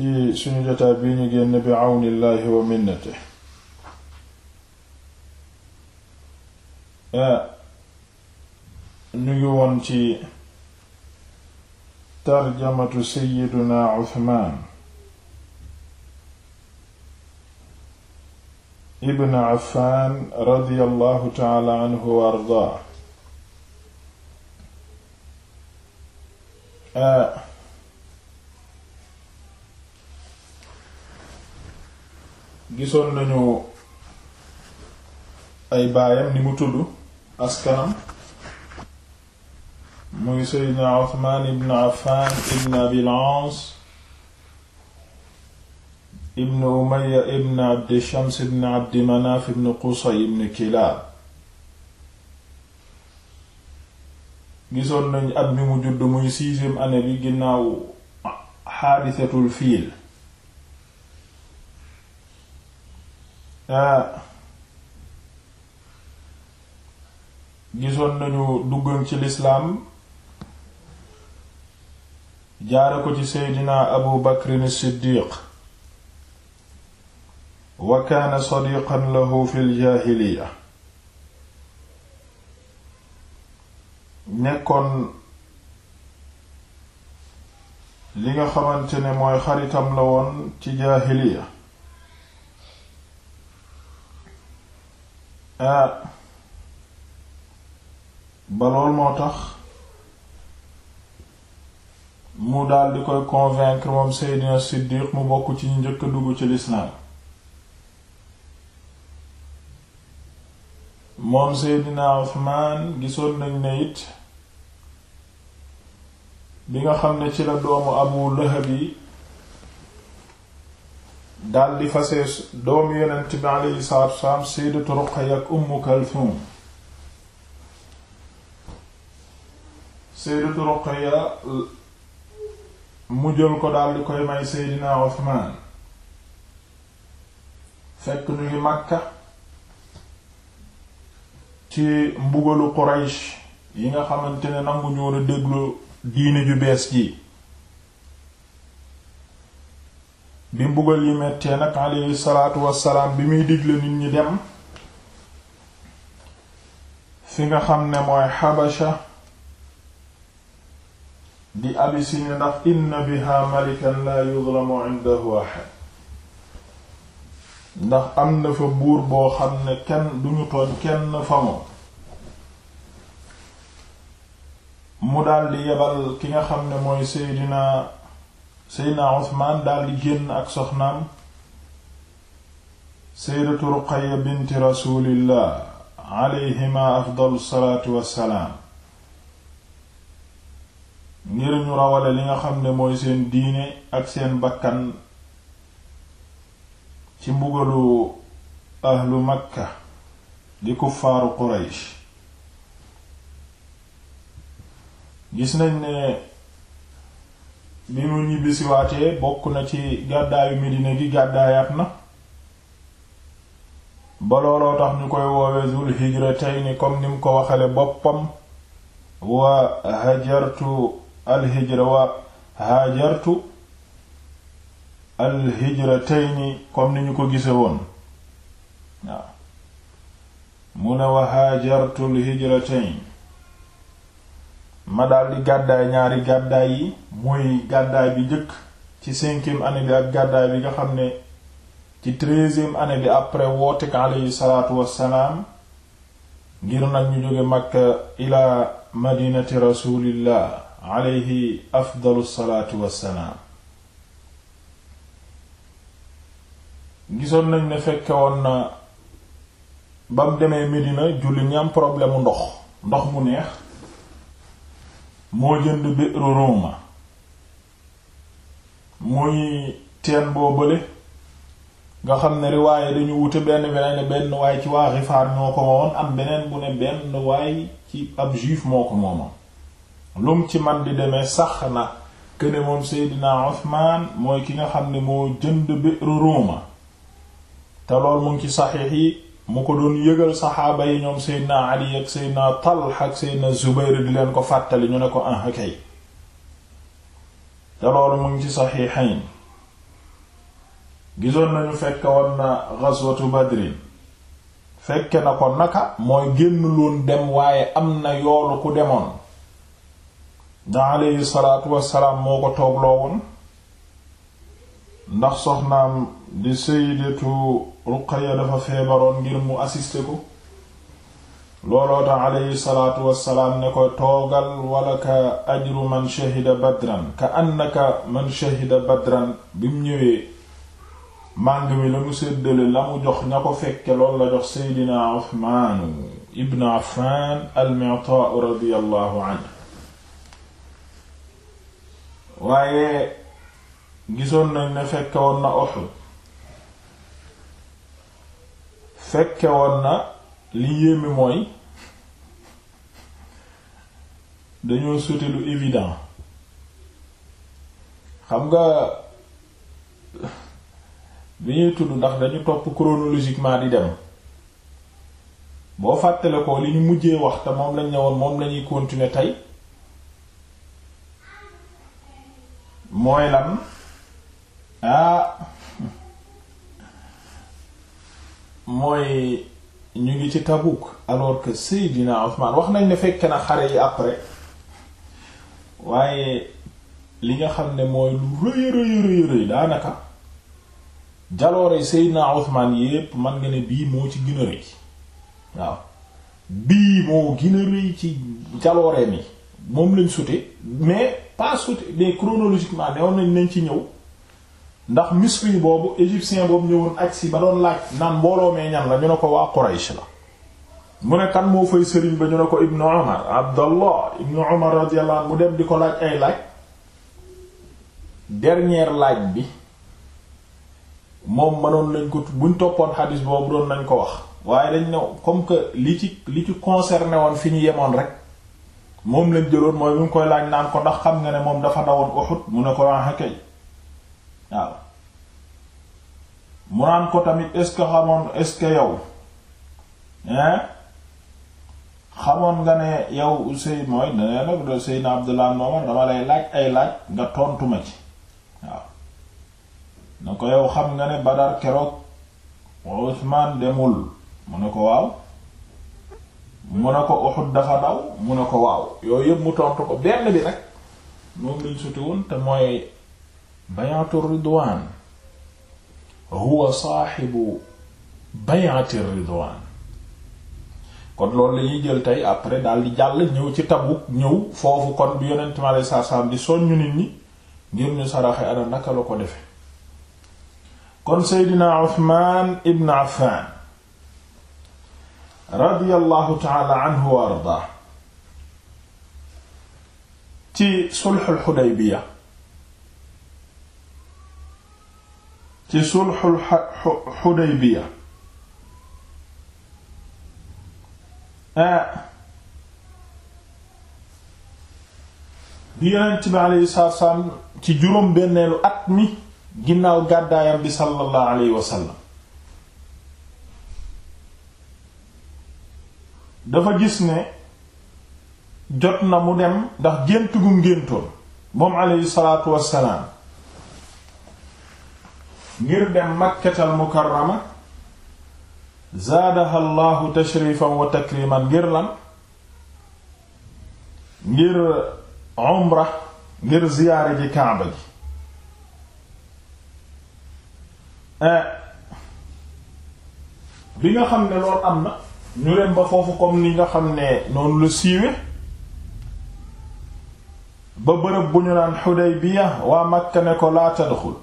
ci suñu jotaay bii ñu génn bi àwnillaahi wa minnate eh, ñu ngi woon ci tarjamatu seyyiduna Usmaan ibn Affaan radiyallahu taala anhu wa ardaa eh, gisoon nañu ay baayam ni mu tudd askanam muy seydna Uthman ibn Affan ibn Abil Aas ibn Umayya ibn Abdi Shams ibn Abdi Manaf ibn Qusay ibn Kilaab gisoon nañu at mi mu judd muy sixième année bi ginnaaw xaadisatul fiil Ah. gisoon nañu duggoon ci lislaam jaare ko ci seydina abu bakrin siddiq wa kaana sadiqan lahu fil jaahiliya nekkoon li nga xamante ne mooy xaritam la woon ci jaahiliya Ah. ba lool moo tax mu daldi koy convaincre moom Seydina Siddiq mu bokk ci ñu njëkk a dugg ci lislaam moom Seydina Uthman gisoon nag ne bi nga xam ne ci la doomu Abu Lahab yi daal di fase doomu yonent bi aleyhi salaatu wasalaam sayyidatu Ruqayya ak Ummu Kalthum sayyidatu Ruqayya mu jël ko daal di koy may Seydina Usmaan fekk ñu ngi Makka ci mbugalu Quraysh yi nga xamante ne nangu ñoo a déglu diine ju bees ji bi mbugal yi mettee nag alayhi salaatu wassalaam bi muy digle nit ñi dem fi nga xam ne mooy xabasha di abisini ndax inna biha malikan la yuzlamu indahu ahad ndax am na fa buur boo xam ne kenn duñu tooñ kenn fa moom mu daldi yebal ki nga xam ne mooy seydina seydna dal daldi génn ak soxnaam seydatu Ruqayya binti rasuulillah alayhima afdalu salaatu wassalaam ngir ñu rawale li nga xam ne mooy seen diine ak seen bakkan ci mbugalu ahlu makka di kuffaaru Quraysh gis nañ ne ni mu ñibbisiwaatee bokk na ci gàddaayu Medina gi gàddaayaat na ba looloo tax ñu koy woowe zul hijratayni comme ni mu ko waxale boppam wa hajartu alhijra wa hajartu alhijratayni comme ni ñu ko gise woon waaw mu ne wa hajartu alhijratayni ma di gàddaay ñaari gàddaay yi muy gàddaay bi njëkk ci cinquième année bi ak gàddaay bi nga xam ne ci treizième année bi après wootek aleyhi salaatu wassalaam ngir nag ñu jóge makka ila madinati rasulillah aleyhi afdalu salaatu wassalaam gisoon nañ ne fekke woon na ba mu demee Medina julli ñam problème mu ndox ndox mu neex moo jënd bi'ru Roma muy teen boobale nga xam ne riwaaye dañu wute benn bi benn waay ci waa Gifaar moo ko moomoon am beneen bu ne benn waay ci ab juif moo ko moomoon lum ci man di demee sax na këne moom Seydina Usmaan mooy ki nga xam ne moo jënd bi'ru Roma te lool mu ci saxiix yi mu ko doon yëgal saxaaba yi ñoom seydna ali ak seydna talha ak seydna zubayr leen ko fàttali ñu ne ko ah kay te loolu mu ngi ci saxiixayn gisoon nañu fekke woon na ghazwatu badrin fekke na ko naka mooy génn loon dem waaye am na yoolu ku demoon da aleyhi salaatu wassalaam moo ko toogloo woon ndax soxnaam di sayyidatu Ruqayya dafa feebaroon ngir mu assister ko looloo tax aleyhi salaatu wassalaam ne ko toogal wala ka ajru man shahida badran ka annaka man shahida badran bi mu ñëwee màng mi la mu la mu jox ña ko fekke lool la jox seydina Uthman ibn Affan al-Mu'ta radiyallahu waaye gisoon nañ ne fekke woon na Uhud fekke woon na li yéeme mooy dañoo sauté lu évident xam nga bi ñuy tudd ndax dañu topp chronologiquement di dem boo fàttale ko li ñu mujjee wax te moom lañ ne woon moom lañuy continuer tey mooy lan ah mooy ñu ngi ci Tabuk alors que Seydina Ousmane wax nañ ne fekke na xare yi après waaye li nga xam ne mooy lu rëy rëy rëy rëy daanaka jaloore Seydina Ousmane yépp man nga ne bii moo ci gën a rëy waaw bii moo gën a rëy ci jaloore mi moom lañ sute mais pas sute mais chronologiquement newoon nañ nañ ci ñëw ndax misri boobu égyptien boobu ñëwoon aj si ba doon laaj naan mbooloo mee ñan la ñu ne ko waa Quraysh la mu ne kan moo fay sëriñ ba ñu ne ko ibnu Umar Abdallah ibnu Umar radiyallahu anhu mu dem di ko laaj ay laaj dernier laaj bi moom ma mënoon nañ ko buñ toppoon xadis boobu doon nañ ko wax waaye dañ ne comme que li ci li ci concerné woon fi ñu yemoon rek moom lañ jëloon mooy bu ñu koy laaj naan ko ndax xam nga ne moom dafa dawoon Uhud mu ne ko waa ah, kay waaw mu naan ko tamit est xamoon est-ce que yow hein xamoon nga ne yow Seydou mooy nee na Seydina Abdullah Omar dama lay laaj ay laaj nga tontu ci waaw na ko yow xam nga ne Badar keroog Usmaan demul mu ne ko waaw mu ne ko Uhud dafa daw mu ne ko waaw yooyu yëpp mu tontu ko benn bi nag moom lañ suti te mooy. bay'atu ridwaan huwa saaxibu bay'ati ridwaan kon loolu la ñuy jël tey après daal di jàll ñëw ci Tabuk ñëw foofu kon bi yonent mi alayhi salaam di soññu nit ñi ngir ñu saraxe ana naka la ko defe kon Seydina Usmaan ibn Affaan radiyallahu taala anhu wa ardaa ci sulhul Hudaybiya ci sulxul xudaybiya bi yonent bi aleyhi salaatu salaam ci juróom benneelu at mi ginnaaw gàddaayam bi sallallahu alayhi wa dafa gis ne jot na mu dem ndax gént gu ngéntoon moom aleyhi salaatu wassalaam ngir dem makkatal mukarrama zaadaha llahu tashrifan wa takriman ngir lan ngir umra ngir ziyaare ji kaaba eh, bi nga xam ne loolu am na ñu dem foofu comme ni nga xam ne noonu la siiwe ba bërëb bu ñu naan Xudaybiya waa Makka ne ko laa tadxul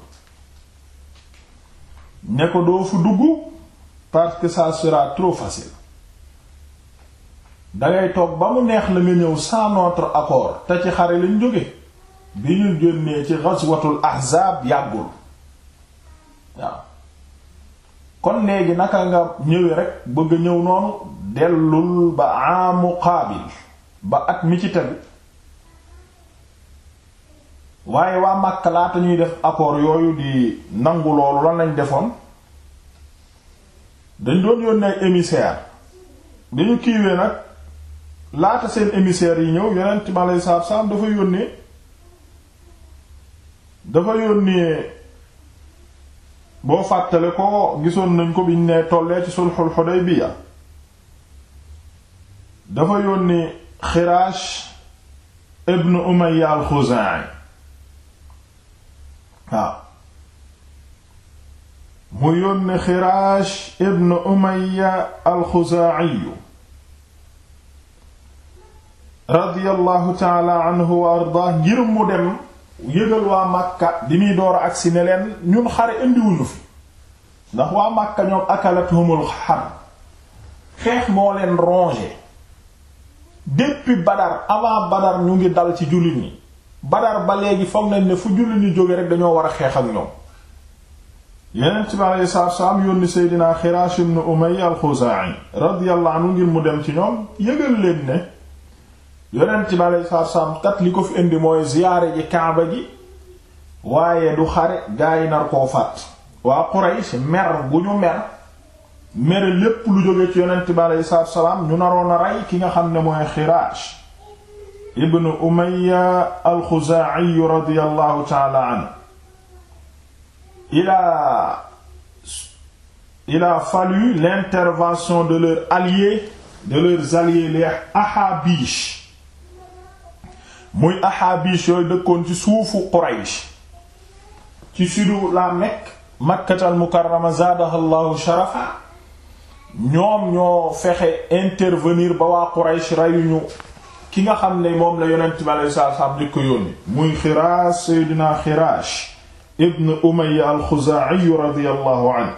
ne ko doo fu dugg parce que ça sera trop facile dangay toog ba mu neex la nga ñëw sans notre accord te ci xare lañ jóge bi ñu génnee ci ghazwatul ahzab yàggul waaw kon léegi naka nga ñëwee rek bëgg ñëw noonu dellul ba amu qaabil ba at mi ci tegu waaye waa Makka laata ñuy def accord yooyu di nangu loolu lan lañ defoon dañ doon yónnee émissaire bi ñu kiiwee nag laata seen émissaires yi ñëw yonent mi aleyhi salaatu salaam dafa yónnee dafa yónnee boo fàttale ko gisoon nañ ko biñ ne tollee ci sulhul Hudaybiya dafa yónnee Xiraash ibn Umayya al waaw mu yónni xiraash ibn umaya alxuzaaciyu radiyallahu taala anhu ngir mu dem yëgal waa màkka di muy door agsi ne leen ñun xare indiwuñu fi ndax waa màkka ñoom akalathumul harb xeex moo leen rongé depuis badar avant badar ñu ngi dal ci jullit ñi Badar ba léegi foog nañ ne fu julli ñu jóge rek dañoo war a xeex ak ñoom yeneen ci baax yi saabsaab yónni Seydina Xiraash ibn Umayya al-Xuzaa'i radiyallahu anhu ngir mu dem ci ñoom yëgal leen ne yeneen ci baax yi saabsaab tat li ko fi indi mooy ziyaare ji Kaaba ji waaye du xare gaa yi nar koo faat. waa Quraysh mer gu ñu mer mere lépp lu jóge ci yeneen ci baax yi saabsaab ñu naroon a rey ki nga xam ne mooy Xiraash ibnu Umayya al-Xuzaa'i radiyallahu ta'ala anhu il a il a fallu l'intervention de leurs alliés de leurs alliés les Ahabish muy Ahabish yooyu dëkkoon ci suufu Quraysh ci sudu la Mecque Makkatal Mukarrama zaadahallahu sharafa ñoom ñoo fexe intervenir ba waa Quraysh reyuñu ki nga xam ne moom la yonent bi aleyhi salaatu salaam di ko yónni muy xiraas seydina xiraash ibn umaya alxuzaa'i radiyallahu anhu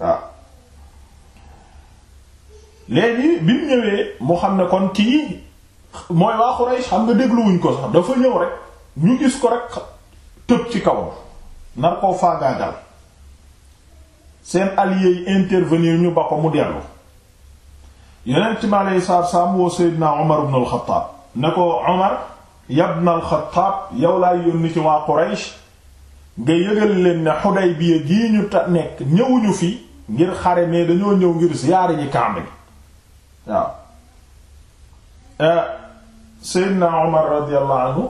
waaw léegi bi ñëwee mu xam ne kon kii mooy waa Quraysh xam nga dégluwuñ ko sax dafa ñëw rek ñu gis ko rek tëb ci kawam nar koo faagaagal seen alliés yi intervenir ñu ba ko mu dellu yonent mi wa salaam woo Seydina Omar ne ko Omar yabna al-Khattab yow laay yónni ci waa Quraysh nga yëgal leen ne Xudaybiya gii ñu ta nekk ñëwuñu fi ngir xare mais dañoo ñëw ngir ziyaare ji Kaaba gi waaw eh, anhu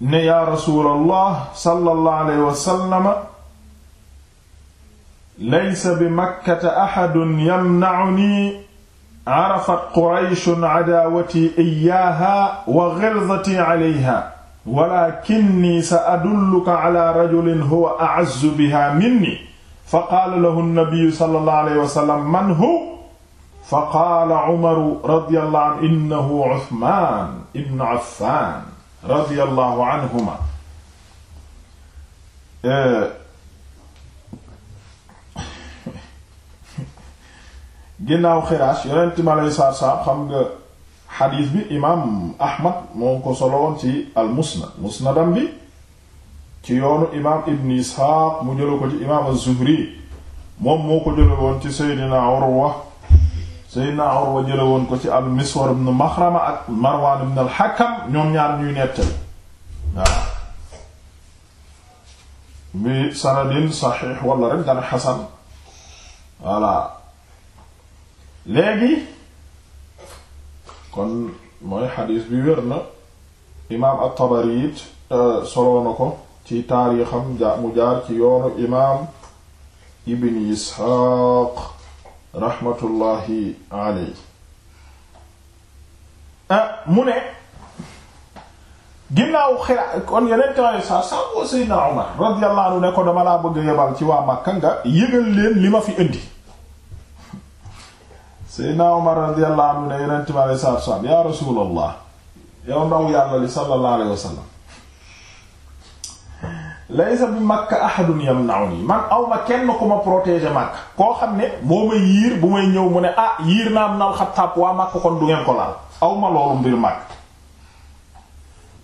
ne yaa rasuulallah sallallahu alayhi wa laysa bi makkata axadun yamnacunii carafat qurayshun cadaawatii iyaaha wa gilzatii calayha walaakinnii sa adulluka calaa rajulin huwa acazzu biha minni faqaala lahu nnabiyu sallallahu alayhi wa sallam man hu faqaala umaru radiyallahu anhu innahu usmaan ibnu affaan radiyallahu anhumaa eh, ginnaaw xiraas yonent mi aleyhi salaatu salaam xam nga xadiis bi imaam ahmad moo ko solowoon ci al musnad musnadam bi ci yoonu ibn isxaaq mu jëla ko ci imaam az moom moo ko jëla woon ci seydina urwa woon ko ci al miswar ibn maxrama marwaan ibn al hakam ñoom ñaar ñuy nettali waaw bi sanadin saxiix walla rek dana xasan voilà léegi kon mooy xadiis bi wér na imaam at-Tabari it euh, soloo na ko ci ja mu jaar ci yoonu imaam ibn Isxaaq raxmatullaahi aley euh, mu ne ginnaaw xira kon yeneen alei sa sax Seydina Umar radiyallahu anhu ne ko dama laa bëgg yebal ci waa Makka nga ma fi indi Seydina Umar radiyallahu anhu ne yonent bi alayhi salaatu wasalaam yaa rasuulallah yow ndaw yàlla li sallallahu alayhi wasallam laysa bi makka ahadun yamna'uni man awma kenn ku ma protéger makka koo xam ne moo ma yiir bu may ñëw mu ne ah yiir naa am nal xataab waa makka kon du ngeen ko laal awma loolu mbir makka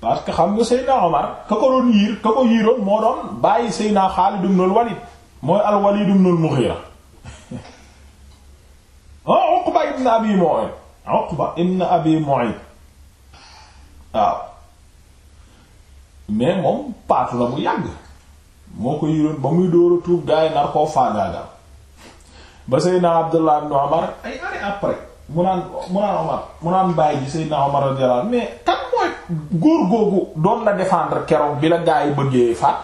parce que xam nga Seydina Omar ka ko doon yiir ka ko yiiroon moo doon bàyyi Seydina Xaalid ibn al mooy al Walid ibn Uqba ibn Abi Mu'ayt Uqba ibn Abi Mu'ayt waaw mais moom paat la bu yàgg moo ko yoroon ba muy dóor a tuub gaa nar koo faagaagal ba Seydina Abdullah ibn Umar ay année après mu naan mu naan Umar mu ji Seydina Umar radiyallahu anhu mais kan mooy góor googu doon la défendre keroog bi la gaa bëggee faat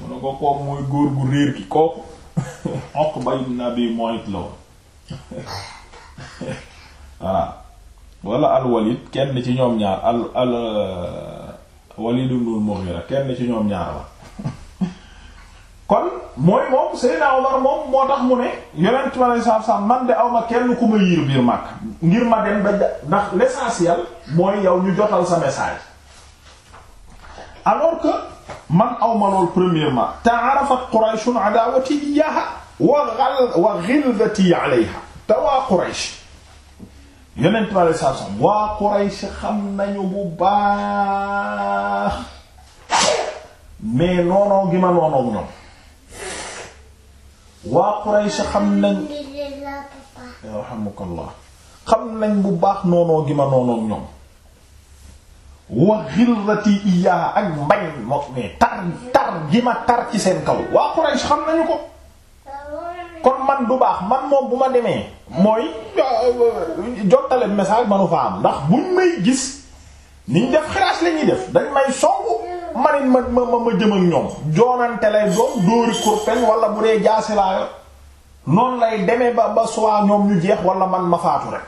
mu ne ko koom mooy góor gu réer gi kooku Uqba ibn Abi Mu'ayt la woon voilà wala al walid kenn ci ñoom ñaar al al euh, walid ibn mughira kenn ci ñoom ñaar la kon mooy moom Seydina Omar moom moo tax mu ne yonent ma lay saabsaab man de aw ma kenn ku ma yiir biir màkk ngir ma dem ba ndax l'essentiel mooy yow ñu jotal sa message alors que man awma lool premièrement ta'arafat Quraysh adawati iyyaha wa xal wa xilzati alayha te waa Quraysh yonent bi alei satu selaam waa Quraysh xam nañu bu baax mais noonoo gi ma noonoog ñoom waa Quraysh xam nañ yarhamukallah xam nañ bu baax noonoo gi ma noonoog ñoom wa xilzati iyaha ak mbañ moom mais tar tar gi ma tar ci seen kaw waa Quraysh xam nañu ko man du baax man moom bu ma demee mooy euh, jottale message manu fa am ndax bu may gis niñ def xiraas la def dañ may songu manit ma ma ma jëm ak ñoom joonante lay doom dóori kurpen wala bu dee jaasi laa lay demee ba ba soit ñoom ñu jeex wala man ma faatu rek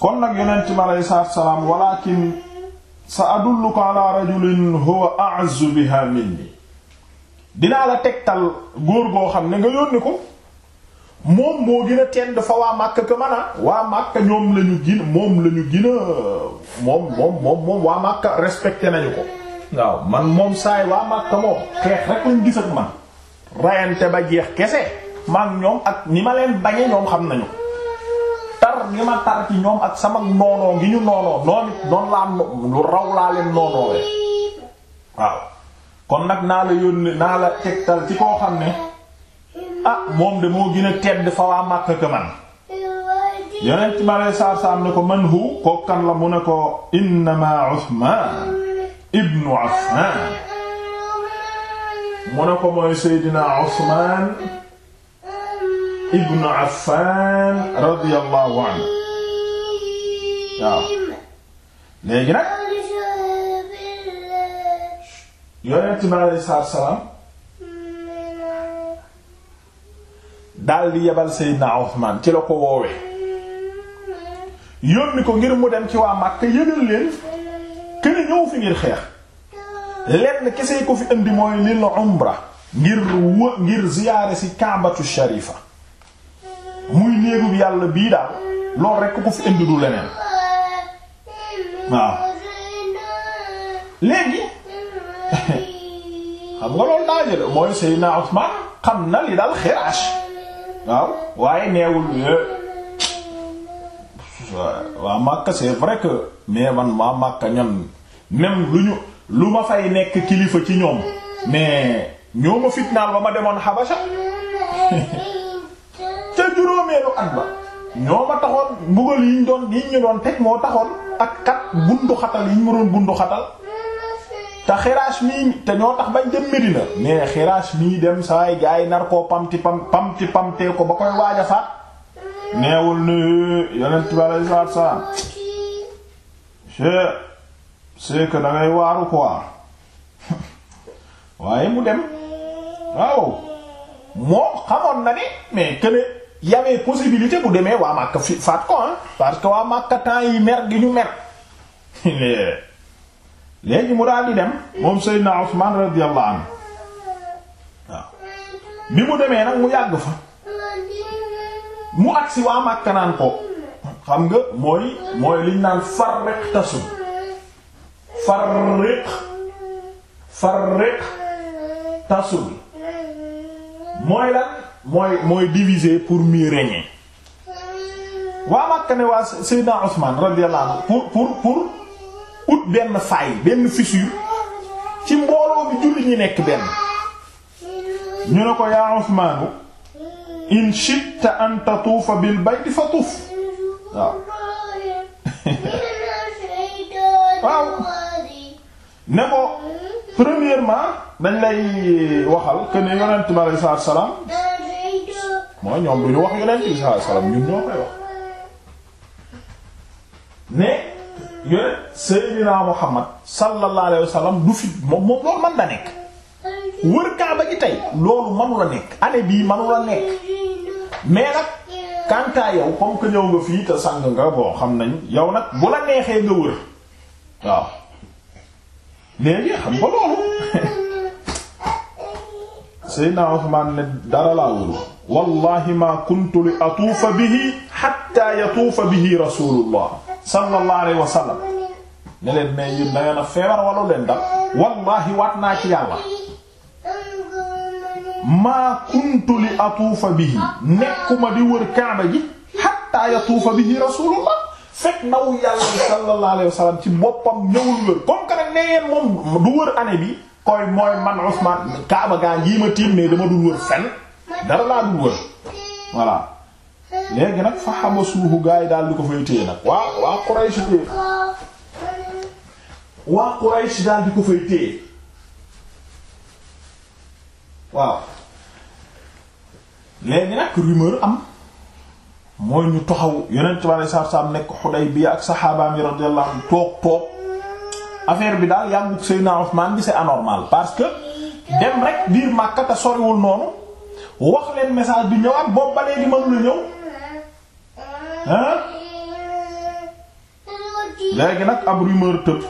kon nag yonent bi aleyhi salaatu salaam walakin sa adulluka ala rajulin huwa a'zu biha minni dinaa la tegtal góor goo xam ne nga yónni ko moom moo gën a tend waa Makka que man a waa Makka ñoom la ñu gin moom la ñu moom moom moom waa Makka respecté nañu ko waaw man moom saay waa Makka moom xeex rek lañ gis ak man rayante ba jeex kese maag ñoom ak ni ma leen bañe ñoom xam nañu tar gi ma tar ci ñoom ak sama noonoo gi ñu noonoo noon it noonu laa lu raw laa leen noonoowee waaw kon nag naa la yónni naa la tegtal ci koo xam ne ah moom de moo gën a tedd fa waa Makka ka man yonent ma lay saar saam ne ko man hu ko kan la mu ne ko innama Usmaan ibnu Affaan mu ne ko mooy Seydina Usmaan ibnu Affaan radiyallahu anhu waaw léegi nag yonent ma lay saar saam daal di yebal Seydina Ousmane ci la ko woowee yónni ko ngir mu dem ci waa Makka yëgal leen këni ñëw fi ngir xeex lenn kese ko fi indi mooy lil umra ngir wë ngir ziyaare si Kaabatu Sharifa muy néegub yàlla bii daal loolu rekk ko fi indi du leneen waaw léegi xam nga loolu daajale mooy Seydina Ousmane xam na li daal xiraas waaw waaye neewul eh, waa Makka c'est vrai que mais man maa Makka ñan même lu ñu lu ma fay nekk kilifa ci ñoom mais ñoo ma fitnaal ba ma demoon Habasha ca juróomeelu at ba ñoo ma taxoon mbugal yi ñu doon yi ñu doon teg moo taxoon ak kat bundu yi ñu ma doon bundu te xiraas mii te ñoo tax bañ dem Medina mais xiraas mii dem saay gaa yi nar koo pamti pam pamti pamtee ko ba koy waaj faat neewul ne yonent bi aleyhi salaatu salaam c'est c'est que da waaye mu dem waaw moo xamoon na ni mais que ne y avait possibilité bu demee waa Makka fi faat ko parce que waa Makka temps yi mer gi ñu mer. léegi mu daal di dem moom Seydina Usmaan radiyallahu anhu waaw bi mu demee nag mu yàgg fa mu agsi waa Makka naan ko xam nga mooy mooy liñ naan farriq tasum farriq farriq tasum mooy lan mooy mooy diviser pour mieux régner waa Makka ne waa Seydina Usmaan radiyallahu anhu pour pour pour ut benn faille benn fissure ci mbooloo bi julli ñi nekk benn ñu ne ko yaa Usmaanu in shi'ta an tatuufa bil bayti fa tuuf waaw ne ko premièrement dañ lay waxal que ne yonent bi alayhi salaatu salaam mooy ñoom du ñu wax yonent bi alayhi salaam ñun ñoo koy wax ne yooyu Seydina Muhammad sallallahu alayhi wa sallam du fi moom moom loolu man da nekk wër Kaaba gi tey loolu manu nekk année bii manu nekk mais nag kantaa yow comme que ñëw nga fii te sang nga boo xam nañ yow nag bu la neexee nga wër waaw léegi xam loolu Seydina Usmaan ne dara wëru wallahi ma kuntu li atuufa bihi hatta yatuufa bihi rasulullah sallallahu alayhi wa ne leen mais yéen da ngeen a feebar wala leen dal wallahi waat naa ci yàlla maa kuntu li atuufa bihi nekkuma di wër kaaba ji hatta yatuufa bihi rasulullah fekk ndaw yàlla sallallahu alayhi wa ci boppam ñëwul wër comme que nag nee moom du wër année bi koy mooy man Ousmane kaaba gaa ngi ma tiim mais dama dul wër fenn dara laa dul wër voilà. léegi nag fa xama suuxu gars yi daal di ko fay téye nag waa waa Quraysh téye waa Quraysh daal di ko fay téye waaw léegi nag rumeur am mooy ñu taxaw yonent bi alei satu salaam nekk Hudaybiya ak saxaabaam yi radiyallahu toog toog affaire bi daal yàngug Seydina Usmaan bi c'est anormal parce que dem rek biir Makka te soriwul noonu wax leen message bi ñëwaat boobu ba léegi mënu la ñëw ah léegi nag ab rumeur tëb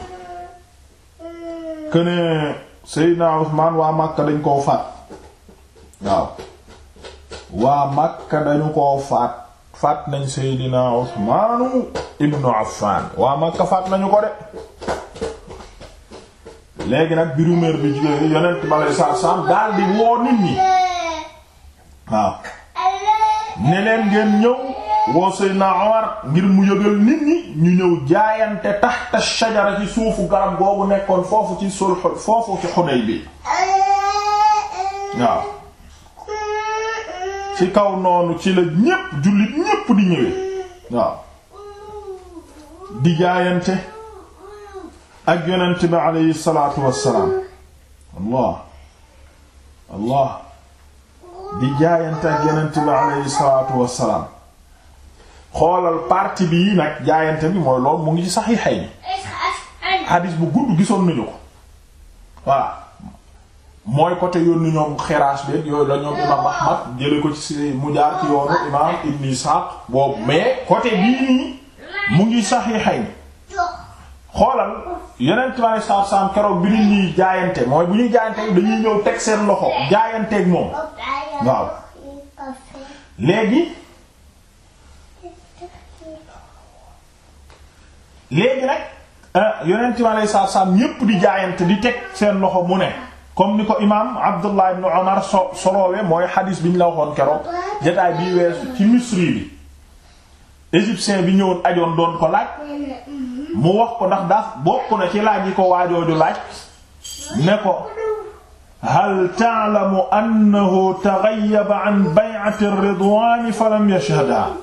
que Seydina Usmaan waa Makka dañ koo faat waaw waa Makka dañu koo faat faat nañ Seydina Usmaanu ibnu Affaan waa Makka faat nañu ko de léegi nag bi rumeur bi jigéen yonent ba lay saar saam woo nit ñi waaw ne leen ngeen ñëw woo Seydina Omar ngir mu yëgal nit ñi ñu ñëw jaayante taxta shajara ci suufu garab googu nekkoon foofu ci sulh foofu ci Hudaybi waaw ci kaw noonu ci la ñépp jullit ñépp di ñëwee waaw di jaayante ak yonent bi aleyhi salaatu wassalaam di jaayante ak xoolal partie bii nag jaayante bi mooy lool mu ngi ci saxiixay xadis bu gudd gisoon nañu ko voilà mooy côté yoonu ñoom xeraas beeg yooyu la ñoom imam Ahmad jële ko ci mu jaar ci yoonu imam Ibn Ishaq mais côté bii mu ngi saxiixay xoolal yeneen tubaab saab saam keroog bi ñuy jaayante mooy bu ñuy jaayante dañuy ñëw teg seen loxo jaayanteeg moom waaw léegi. léegi nag euh, yonent mi alayhi salaatu salaam di jaayante di teg seen loxo mu ne comme ni ko imaam Abdullah ibn Umar soloowe mooy xadiis bi la waxoon keroog jotaay bii weesu ci misri bi égyptien bi ñëwoon ajoon doon ko laaj mu wax ko ndax daaf bokk na ci laaj yi ko waajooju laaj ne ko hal ta'lamu annahu taghayyaba an bay'ati ar-ridwan falam yashhadha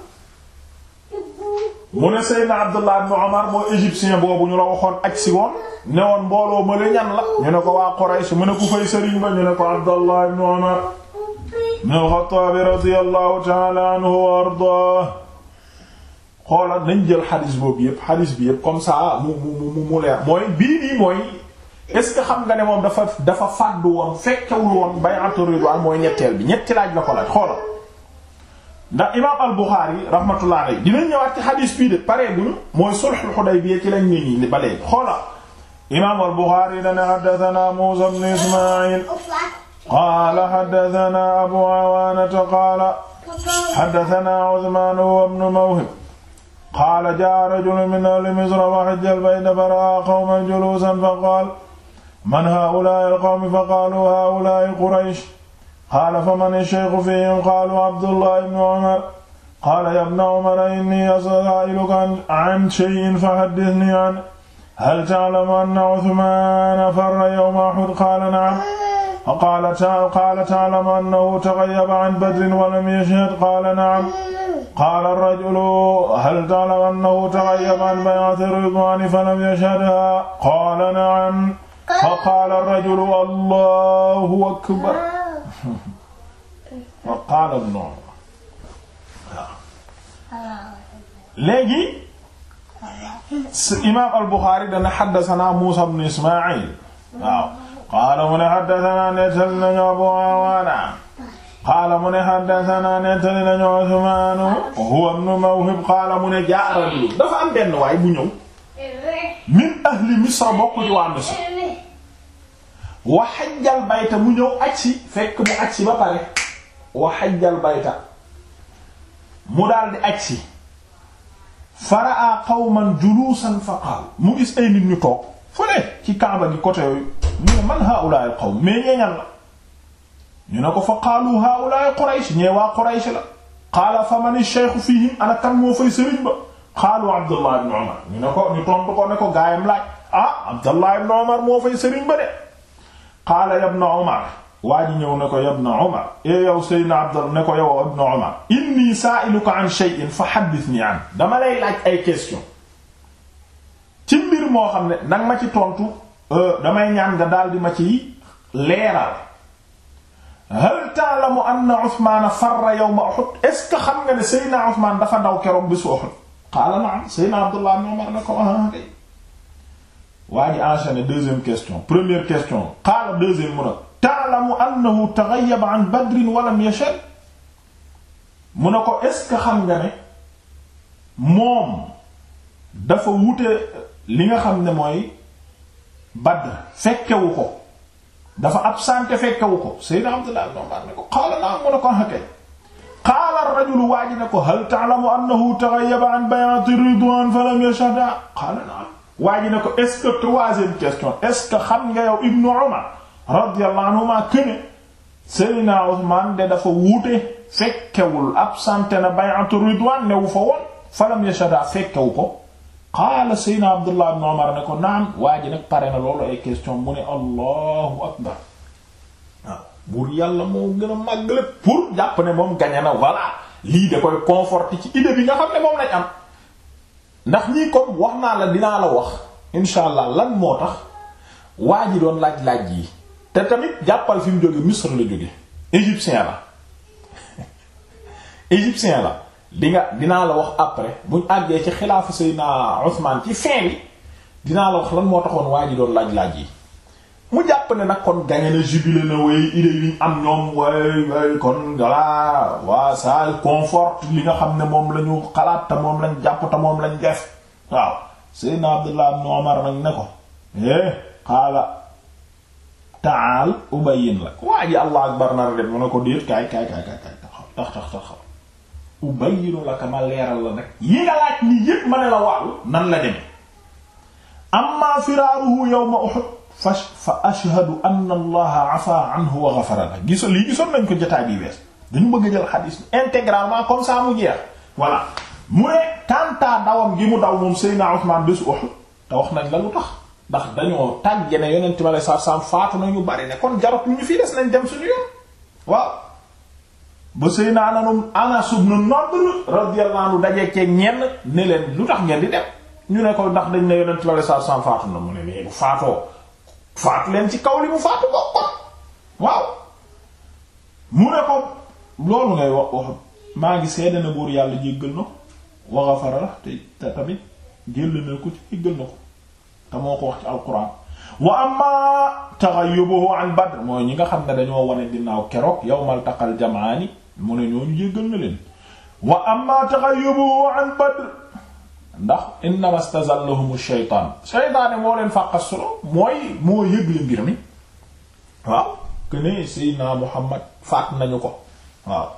mu ne Seydina Abdullah ibn Omar moo égyptien boobu ñu la waxoon ak si woon ne woon mbooloo mële ñan la ñu ne ko waa Quraysh mu ne ku fay sëriñ ba ñu ne ko Abdullah ibn Omar ibn al-Khattab radiyallahu ta'ala anhu wa jël xadis boobu yëpp xadis bi yëpp comme ça mu mu mu mu leer mooy bii nii mooy est-ce que xam nga ne moom dafa dafa fàddu woon fekkewul woon bay'atu a mooy ñetteel bi ñetti laaj la ko laaj xoolal ndax imaam al-Bukhari rahmatullah alayhi dinañ ñëwaat ci xadiis bii de paree buñu mooy sulhul Hudaybiya ci lañ ne nii ba léegi xoola imaam al-Bukhari dana haddathana Muusaa ibn Ismaa'il qaala haddathana Abu Awaana qaala haddathana Usmaan ibn Mawhib qaala jaa'a rajulun min ahli Misra wa hajja al-bayta fara'a qawman juluusan faqaala man haa'ulaa'i al-qawm faqaaluu haa'ulaa'i Quraysh qaala fa man ash-shaykhu fihim qaalu Abdullah ibn Umar qaala ya ibna Umar inni as'aluka an shay'in fahaddithni anhu hal ta'lamu anna Uthmaana farra yawma Uhud qaala na'am qaala ta'lamu annahu taghayyaba an Badrin wa lam yashhad qaala na'am qaala ar-rajulu hal ta'lamu annahu taghayyaba an bay'ati ar-ridwaan fa lam yashhadhaa qaala na'am fa qaala ar-rajulu Allahu akbar wa qaala Ibn Umar waaw léegi imaam al-Buxaari dana xaddasanaa Muusaa ibn Ismaa'iil waaw qaala mu ne xaddasanaa nettal nañu Abuu Awaana qaala mu ne xaddasanaa nettali nañu Usmaan huwa ibnu Mawhib qaala mu ne jaa rajul dafa am benn waay bu ñëw min ahli Misr bokk ci waa Misr wa xajjal bayta mu ñëw agsi fekk mu agsi ba pare wa xajjal bayta mu daldi agsi faraa qawman juluusan fa qaalu mu gis ay nit ñu toog fële ci kaaba gi côté yooyu ñu man haa'ulaa'i qawm mais ñeeñal la ñu ne ko fa qaalu haa'ulaa'i Quraysh ñee waa Quraysh la qaala fa man ash fiihim ana kan moo fay sëriñ ba qaalu Abdullah ibn Umar ñu ne ko ñu ko ne ko gaayam laaj ah Abdullah ibn Umar moo fay sëriñ ba de qaala yabna Umar waa ji ñëw ne ko yabna Umar ee eh yow Seydina Abdallah ne ko yow ibna Umar inni sa'iluka an shay'in fa haddithni an dama lay laaj ay question ci mbir moo xam ne nag ma ci tontu euh, damay ñaan nga daal di ma ci leeral hal ta'lamu anna Usmaan farra yawma Uhud est-ce que xam nga ne Seydina Usmaan dafa daw keroog bisu Uhud qaala na'am Seydina Abdallah ibn Umar ne ko ah waa ji enchaîné deuxième question première question qaala deuxième mu ne ta'lamu annahu taghayyaba an badrin wa lam yashhad mu ne ko est-ce que xam nga ne moom dafa wute li nga xam ne mooy Badr fekkewu ko dafa absenté fekkewu ko Sayyid Abdullah ibn Umar ne ko qaala naa mu ne ko hakay qaala ar-rajulu waa ji ne ko hal ta'lamu annahu taghayyaba an bay'ati ridwan fa lam yashhad qaala na'am waa ji ne ko est-ce que troisième question est-ce que xam nga yow ibnu Umar radiyallahu anhuma këne Seydina Usmaan de dafa wuute fekkewul absenté na bay'atu ridwaan ne wu fa woon falam yashada fekkewu ko qaala Seydina Abdullah ibnu Umar ne ko naam waa ji nag pare na loolu ay question mu ne allahu akbar waaw buur yàlla gën a màgg lépp pour jàpp ne moom gañe na voilà lii da koy conforter ci idée bi nga xam ne moom lañ am ndax ñii comme wax naa la dinaa la wax insha allah lan moo tax waa ji doon laaj laaj yi te tamit jàppal fi mu jóge Misr la jóge égyptien la égyptien la di nga dinaa la wax après buñ àggee ci xilaafu naa Usmaan ci fin bi dinaa la wax lan moo taxoon waa ji doon laaj laaj yi mu jàpp ne nag kon gañe na jubilé na way idée yi ñu am ñoom way way kon voilà waa ça conforte li nga xam ne moom lañu xalaat te moom lañ jàpp te moom lañ def waaw Seydina Abdullah ibn Umar nag ne ko eh xaala taal ubayin lak waa ji allah ko déet kaay kaay kaay kaay ma fa ashhadu anna allaha afa anhu wa ghafara la giso lii gisoon nañ ko jotaay bi wees dañu bëgg jël xadiis intégralement comme ça mu jeex voilà mu ne kantaa dawam gi mu daw moom Seydina Usmaan bésu Uhud te wax nañ la lu tax ndax dañoo tàgge ne yonent bi alei satu bari kon jarot ñu fii des nañ dem suñu yoon waaw ba Seydina nanum Anas ibn Nadr radiyallahu anhu dajee ci ñenn leen lu tax ngeen ñu ne ndax dañ ne yonent bi alei faatu na mu ne nee faatoo faat leen ci kaw li mu faatu ko kon waaw mu ne ko loolu ngay wax wax maa ngi seede buur yàlla jéggal na ko wa ghafara te te tamit jël na ko ci jéggal na ko te moo ko wax ci alquran wa amma taghayyubuhu an Badr mooy ñi nga xam ne dañoo wane ginnaaw keroog yawmal taqal jamaani mu ne ñooñu jéggal na leen wa amma taghayyubuhu an Badr ndax innama stazallahum shaytaan shaytaane moo leen fàqas solo mooy moo yëgle mbir mi waaw kuene sayyidina Muhammad faat nañu ko waaw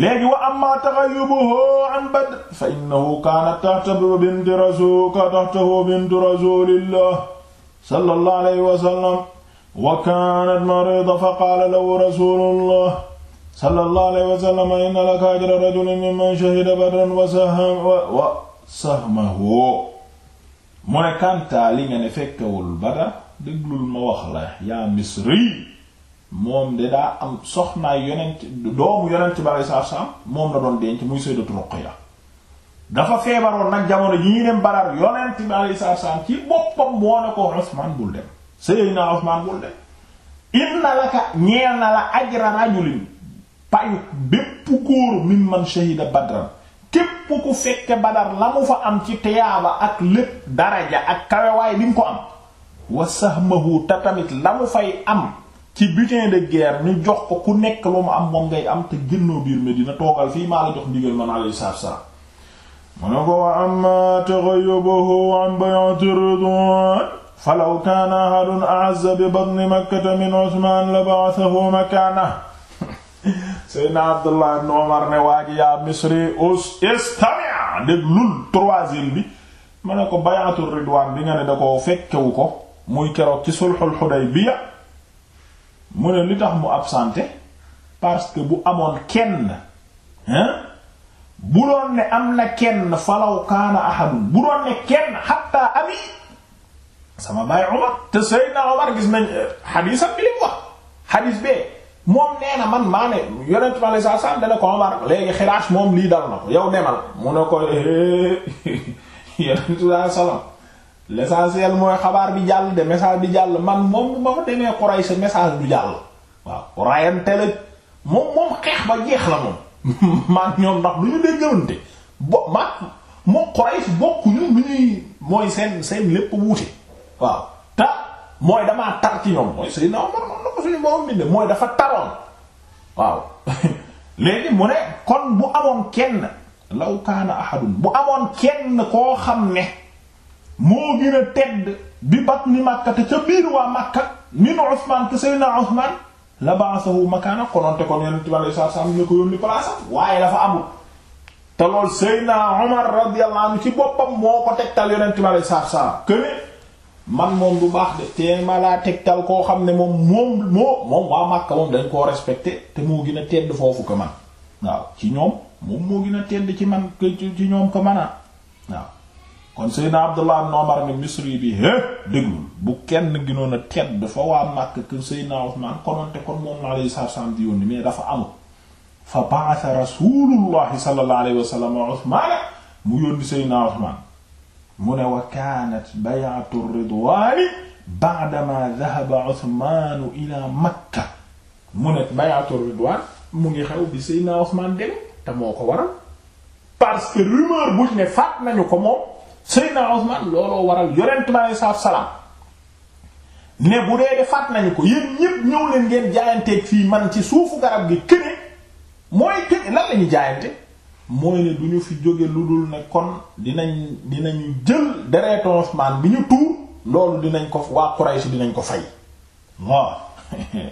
léegi wa amma taghayyubuhu an Badr fa innahu kaana tahta binti rasul ka tahtahu bintu rasulillah sallallahu alayhi wa sallam wa kaanat marida fa qaala lahu rasulullah sallallahu alayhi wa sallam inna laka ajra rajulin mimman shahida badran wa sahama sahmahu mu ne kantaa li nga ne fekkewul Badar déglul ma wax la yaa misri moom de daa am soxnaay yonent doomu yonent bi alei satu moom la doon denc muy sayyidatu Ruqayya dafa feebaroon nag jamono yi ñu dem Badar yonent bi alei satu ci boppam moo ne ko bul dem sayyidina Usmaan bul dem inna laka ñeel na la ajra rajulin payu bépp góor mimman shahida Badran képp ku fekke badar la mu fa am ci tiyaaba ak lépp daraja ak kawewaay bi nga ko am wa sahmahu te tamit la mu fay am ci butin de guerre ñu jox ko ku nekk lu mu am moom ngay am te génnoo biir Medina toogal fii maa la jox ndigal man alayhi salaam mu ne ko wa amma taghayyubuhu an bay'ati ridwan falaw kaana ahadun a'azza bi batni makkata min Usman la ba'athahu makana Seydina Abdullah ibn Umar ne yaa misri us istami' déglul troisième bi ma ko bayatul ridwaan bi ne da ko fekkewu ko muy keroog ci sulhul Hudaybiya mu ne li tax mu absenté bu amoon kenn hein bu doon ne am na kenn falaw kaana ahadun bu doon ne kenn hatta ami sama baay Umar te Seydina Umar gis nañ xadiisam eh, bi lim moom nee na man maa ne yonent bi aleyhi salaam dana ko Omar léegi Xiraas moom lii dal na yow demal mu ne ko eh, yonent bi aleyhi salaam l'essentiel mooy xabaar bi jàll de message bi jàll man moom bu ma ko demee Quraysh message du jàll waaw rayante la moom moom xeex ba jeex la moom maa ñoom ndax lu ñu déggalante bo ma moom Quraysh bokkuñu lu ñuy mooy seen seen lépp wuute waaw mooy damaa tar ci ñoom mooy Seydina Omar moom na ko suñu borom bindee mooy dafa taroon waaw léegi mu ne kon bu amoon kenn law kaana ahadun bu amoon kenn koo xam ne moo gën tedd bi batni Makka te ca biir waa Makka min Usmaan te Seydina Usmaan la ba'athahu makaana kononte kon yonent bi alayhi salaatu salaam ñu ko yónni place am waaye dafa amul te lool Seydina Umar radiyallahu ci boppam moo ko tegtal yonent bi alayhi salaatu salaam man moom du baax de te ma laa tegtal koo xam ne moom moom moo moom waa Makka moom dañ koo respecté te moo gën a tedd foofu ko man waaw ci ñoom moom moo gën a tedd ci man ci ñoom ko manaa waaw kon Seydina Abdullah ibn Umar ni Misri bi hé déglul bu kenn ginoon a tedd fa waa Makka que Seydina Usmaan konoon te kon moom la alayhi salaam di yónni mais dafa amul fa ba'atha Rasuulullahi sallallahu alayhi wa sallam mu yónni Seydina Usmaan mu ne wa kaanat bay'atu ridwaani ba'dama dhahaba Usmaanu ila Makka mu ne bay'atu ridwaan mu ngi xew bi Seydina Usmaan dem te moo ko waral parce que rumeur buñ ne faat nañu ko moom Seydina Usmaan looloo waral yonent bi aleyhi salaatu salaam ne bu dee de faat nañu ko yéen ñépp ñëw leen ngeen jaayanteeg fii man ci suufu garab gi këne mooy këne lan lañu jaayante mooy ne du ñu fi jóge lu dul ne kon dinañ dinañu jël deretu Usmaan bi ñu tuur loolu dinañ ko waa Quraysh dinañ ko fay waaw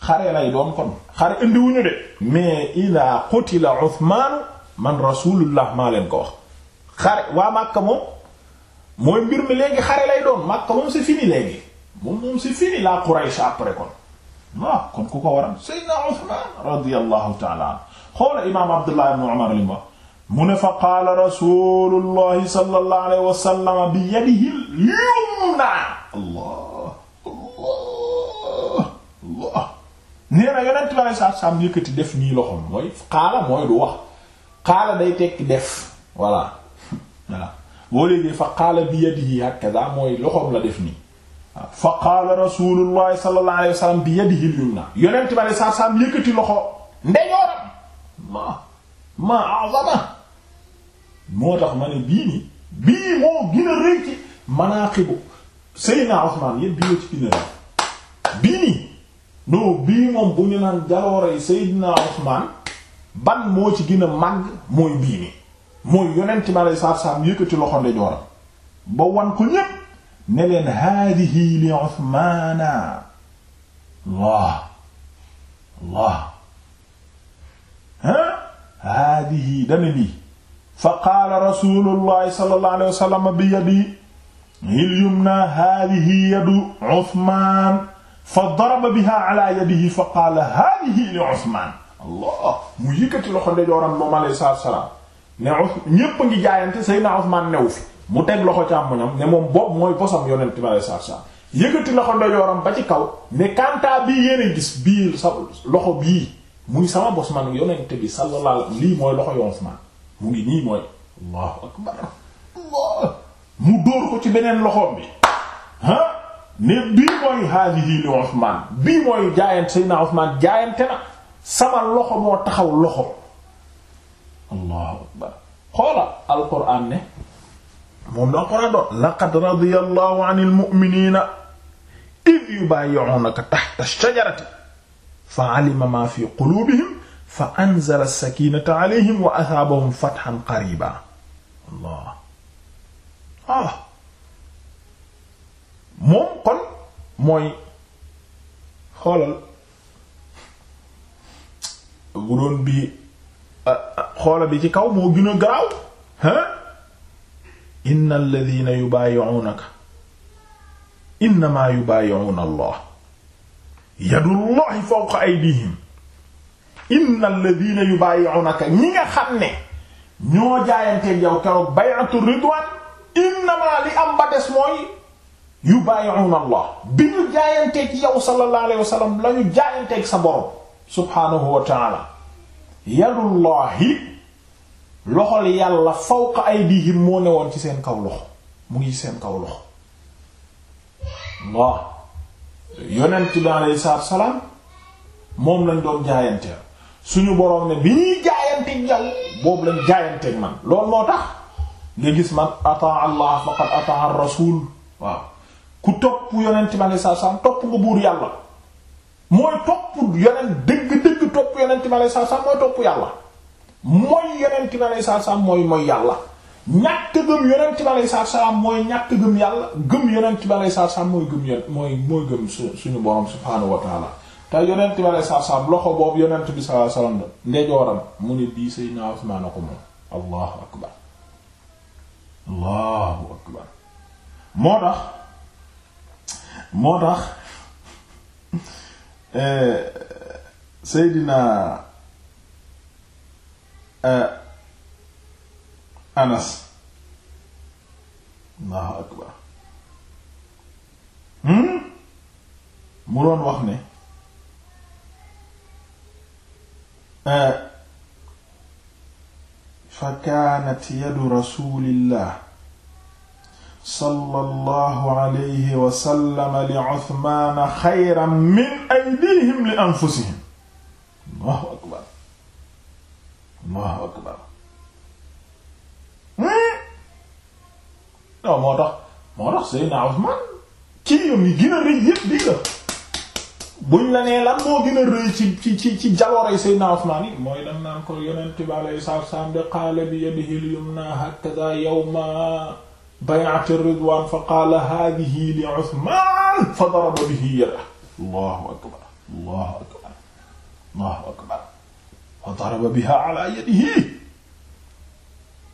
xare lay doon kon xare indiwuñu de mais ila qutila Usmaan man rasulullah maa leen ko wax xare waa Makka moom mooy mbir mi léegi xare lay doon Makka moom c'est fini léegi moom moom c'est fini la Quraysh après kon waaw kon ku ko waral Seydina Usmaan radiyallahu ta'ala xoola imaam abdullah ibn umar li mu wax mu ne fa qaala rasulullahi sallallahu alayhi wa sallam bi yadihi al-yumna allah allah allah nee na yonent bi alayhi salaatu salaam yëkkati def nii loxom mooy qaala mooy du wax qaala day tekki def voilà voilà boo léegi fa qaala bi yadihi hakaza mooy loxom la def nii fa qaala rasulullahi sallallahu alayhi wa sallam bi yadihi al-yumna yonent bi alayhi salaatu salaam yëkkati loxo ndeyjoor allah ma azama moo tax ma ne bii nii bii moo gën a rëy ci manaaqibu Seydina Usmaan yépp bii ci gën a rëy bii moom bu ñu naan jaloorey Seydina Usmaan ban moo ci gën a mooy bii nii mooy yonent ma lay saar saam yëkkati loxo ndeyjooram ba wan ko ñépp ne leen haadihi li Usmaana allah allah haadihi dana lii fa qaala rasulullahi sallallahu alayhi wa sallam bi yadi hil yumna haadihi yadu fa daraba biha ala yadihi fa qaala haadihi li Usmaan allah mu yëkkati loxo ndeyjooram moom salaam ne ñépp a ngi jaayante Seydina Usmaan newu fi mu teg loxo càmmoñam ne moom boobu mooy bosam yonent bi salaam yëkkati loxo ndeyjooram ba ci kaw ne kantaa bii yéen gis bii loxo bii muy sama bos man yonent bi sallallahu alayhi lii mooy loxo yoon Usmaan mu ngi nii mooy allahu akbar mu dóor ko ci beneen loxoom bi ah ne bii mooy haadihi li Usmaan na sama loxo taxaw loxo ne moom la alquran doon laqad radiyallahu anil mu'minina idh yubayyi'unaka tahta ash-shajarati fa alima ma fi qulubihim fa anzala as-sakinata alayhim wa asaabahum fathan qariba allah ah moom kon mooy xoolal bu doon bii xoola bi ci kaw moo gën a gaaw ah inna alladhina yubayi'unaka innama yubayi'una allah yadullahi fawqa aydihim innal ladina yubayi'unaka ñi nga xam ne ñoo jaayanteeg yow keroog bay'atu ridwan innama li am ba des mooy yubayi'una allah bi ñu jaayanteeg yow sallallahu alayhi wasallam la ñu jaayanteeg sa borom subhaanahu wa ta'ala yadullahi loxol yàlla fawqa aydihim moo ne woon ci seen kaw loxo mu ngi seen kaw loxo allah yonent bi alayhi salaatu salaam moom lañ doon jaayanteel suñu boroom ne bi ñuy jaayanteeg yàlla boobu lañ jaayanteeg man lool moo tax nga gis man ataa allah faqad ataa ar waaw ku topp yonent bi alayhi salaatu salaam topp nga buur yàlla mooy topp yonent dëgg-dëgg topp yonent bi alayhi salaatu salaam mooy topp yàlla mooy yonent bi alayhi salaatu salaam mooy mooy yàlla. ñàkk gëm yonent bi aleyhi salaatu mooy ñàkk gëm yàlla gëm yonent bi aleyhi salaatu mooy gëm yon mooy mooy gëm suñu borom subhaanahu wa te yonent bi aleyhi salaatu loxo boobu yonent bi sallallahu alayhi wasallam mu ne bii Seydina Usmaan na allahu akbar allahu akbar moo tax moo tax eh, Seydina eh, anas allahu akbar hmm? mu doon wax ne eh, fa kaanat yadu rasulillah sallallahu alayhi wa sallam li Usmaan xayran min aydihim li anfusihim allahu akbar allahu akbar non moo tax moo tax Seydina Usman kii yam yi gën a rëy yépp di la buñ la nee lan moo gën a rëy ci ci ci ci jaloore Seydina Usman yi mooy lan naan ko yonent bi alayhi salaam de qaala bi yadihi al-yumna hakadha yawma bay'ati ridwan fa qaala hadhihi li Usman fa daraba bihi yadahu Allahu akbar Allahu akbar Allahu akbar fa daraba biha ala yadihi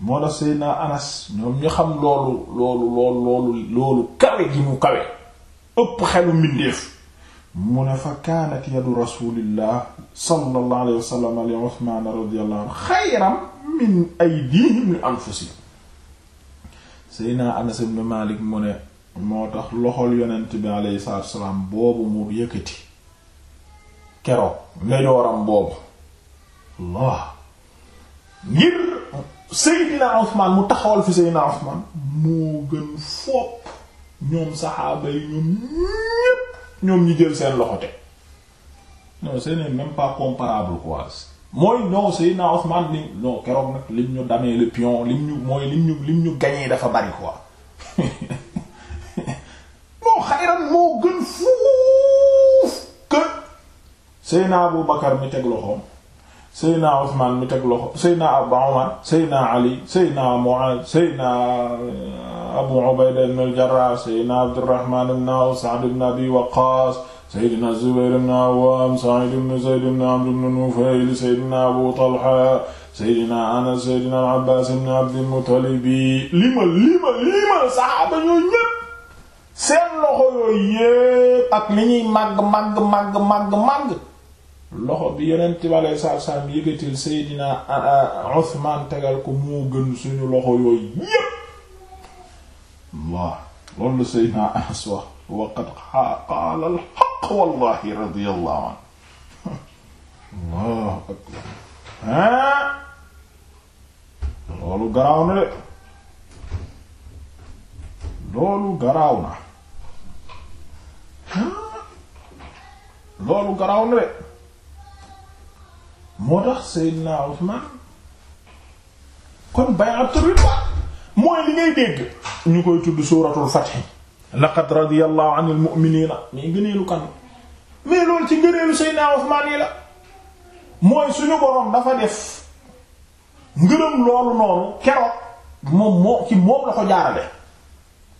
moo tax Seydina Anas ñoom ñu xam loolu loolu loolu loolu loolu kawe gi mu kawe ëpp xelu mbindeef mu ne fa kaanat yadu rasulillah sallallahu alayhi wa sallam li Usmaan radiyallahu anhu xayran min aydihim li anfusihim mu ne moo tax loxol yonent bi alayhi salaatu wasalaam boobu mu yëkkati keroog ndeyooram boobu Allah ngir Seydina Ousmane mu taxawal fi Seydina Ousmane moo gën fopp ñoom saxaaba yi ñoom ñépp ñoom ñu jël seen loxo te non c'est même pas comparable quoi mooy non Seydina Ousmane ni non keroog nag lim ñu damee le pion lim ñu mooy lim ñu lim ñu gañee dafa bari quoi moo xayran moo gën fuuf que Seydina Abou Bakar mi teg loxoom Seydina Usmaan mi teg loxo Seydina Abu Umar Seydina Ali Seydina Muaaz Seydina euh, Abu Ubayda ibn al-Jarraah Seydina Abdurrahmaan ibn Awf Sa'd ibn Abi Waqqaas Seydina Zubayr ibn Awwaam Sa'iid ibn Zayd ibn Amr ibn Nufayl Seydina Abu Talha Seydina Anas Seydina al-Abbaas ibn Abdil Muttalib lima lima lima saxaaba yooyu ñépp seen loxo yooyu yépp ak li ñuy màgg màgg màgg màgg màgg loxo bi yonent bi aleyhi salaatu salaam yëgatil Seydina Usmaan tegal ko moo gën suñu loxo yooyu yépp waaw loolu la Seydina Anas wax wa qad qaala al-haqq wallaahi radiyallaahu anhu Allahu akbar ah loolu garaaw na de loolu garaaw na loolu garaaw na de moo tax Seydina Usmaan kon bay'atu ridwaan mooy li ngay dégg ñu koy tudd suuratul Fath laqad radiyallahu anil mu'miniina mais ngëneelu kan mais loolu ci ngëneelu Seydina Usmaan yi la mooy suñu boroom dafa def ngërëm loolu noonu keroog moom moo ci moom la ko jaarale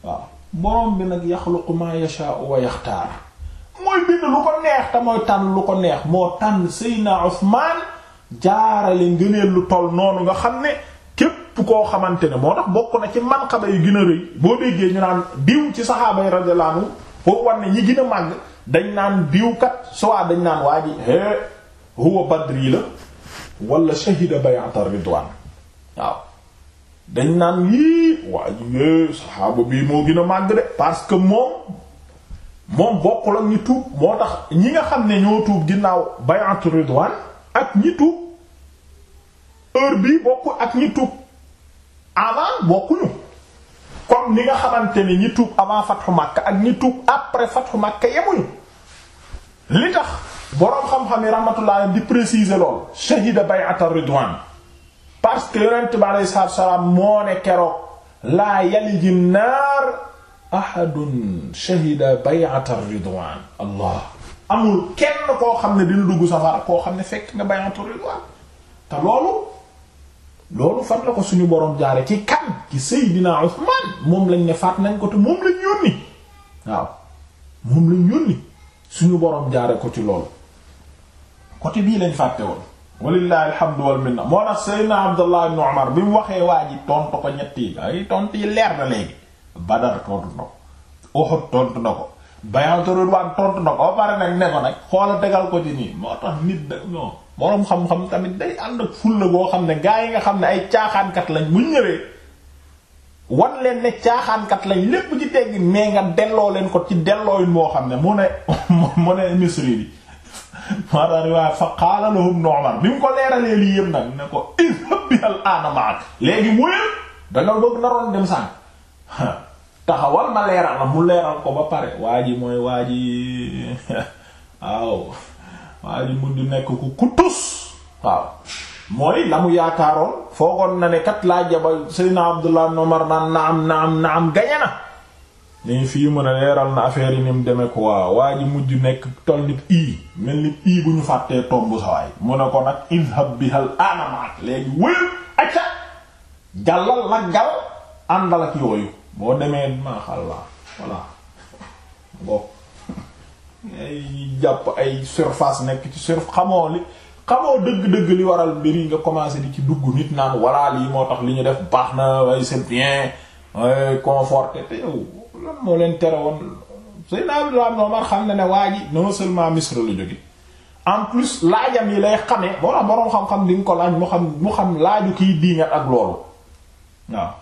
waaw boroom bi nag yaxluqu maa yashaa'u wa yaxtaar mooy bind lu ko neex te tànn lu ko neex moo tànn Seydina Usmaan jaarale ngëneel lu toll noonu nga xam ne képp koo xamante ne moo tax bokk na ci manqaba yu gën rëy boo déggee ñu naan diw ci saxaaba yi radiyallahu foofu war ñi gën màgg dañ naan kat soit dañ naan waa ji é huwa badri la wala shahida bay'ata ridwan waaw dañ naan yii waa ji saxaaba bii moo gën màgg de parce que moom moom bokkul ak ñi tuub moo tax ñi nga xam ne ñoo tuub ginnaaw bay'atu ridwaan ak ñi tuub heure bii bokkul ak ñi tuub avant bokkuñu comme ni nga xamante ni ñi tuub avant fatxu Makka ak ñi tuub après fatxu Makka yemuñu li tax boroom xam-xam yi di préciser lool shahida bay'atu ridwaan parce que yonent bi alayhi salaatu salaam moo ne keroog laa yaliji naar ahadun shahida bay'ata ridwan allah amul kenn koo xam ne dina dugg safara koo xam ne fekk nga bay'atu ridwan te loolu loolu fan la ko suñu boroom jaare ci kan ci Seydina moom lañ ne faat nañ ko te moom lañ yónni waaw jaare ko ci loolu côté bii lañ fàtte woon walillahi alhamdu wal minna moo tax Seydina Abdullah ibn Umar bi mu waxee waa ji tontu ko ñetti tontu yi leer na léegi Badar tontu na ko Uhud tontu na ko Bayaatul Ridwaan tontu na ko ba pare nag ne ko nag ko ci nii moo tax nit da non boroom tamit day ànd ak fulla xam ne gaa yi nga xam ne ay caaxaankat lañ bu ñëwee wan leen caaxaankat lañ lépp ci nga delloo leen ko ci dellooyin moo xam ne mu ne mu ne misri bi maanaam riwaay fa mu ko leeralee lii yëpp nag ne ko izhab biha léegi wóyal da dem sànq. taxawal ma leeral la mu leeral ko ba pare waa ji mooy waa ji waaw waa ji mujj nekk ku kutus waaw mooy la mu yaakaaroon foogoon na ne laa jabal Seydina Abdullah ibn Umar naan naam naam naam gañe na nii fii mën a leeral na affaire yi ni mu demee ko waaw waa ji mujj nekk toll nit ii mel nit ii bu ñu fàttee tomb sawaay mu ne ko nag idhab bihal ana maak léegi wël acca jàllal la gal àndal yooyu boo demee maaxal la voilà ay jàpp ay surface nekk ci surf xamoo li xamoo dëgg-dëgg li waral mbir yi nga commencé li ci dugg nit naan waraal yi moo tax li ñu def baax na waaye c'est bien conforté te yow lan moo leen tere woon say naabi la noomar xam ne ne waa ji non seulement Misr jóge en plus laajam yi lay xamee moo tax boroom xam-xam di nga ko laaj mu xam laaju kiy diingat ak loolu waaw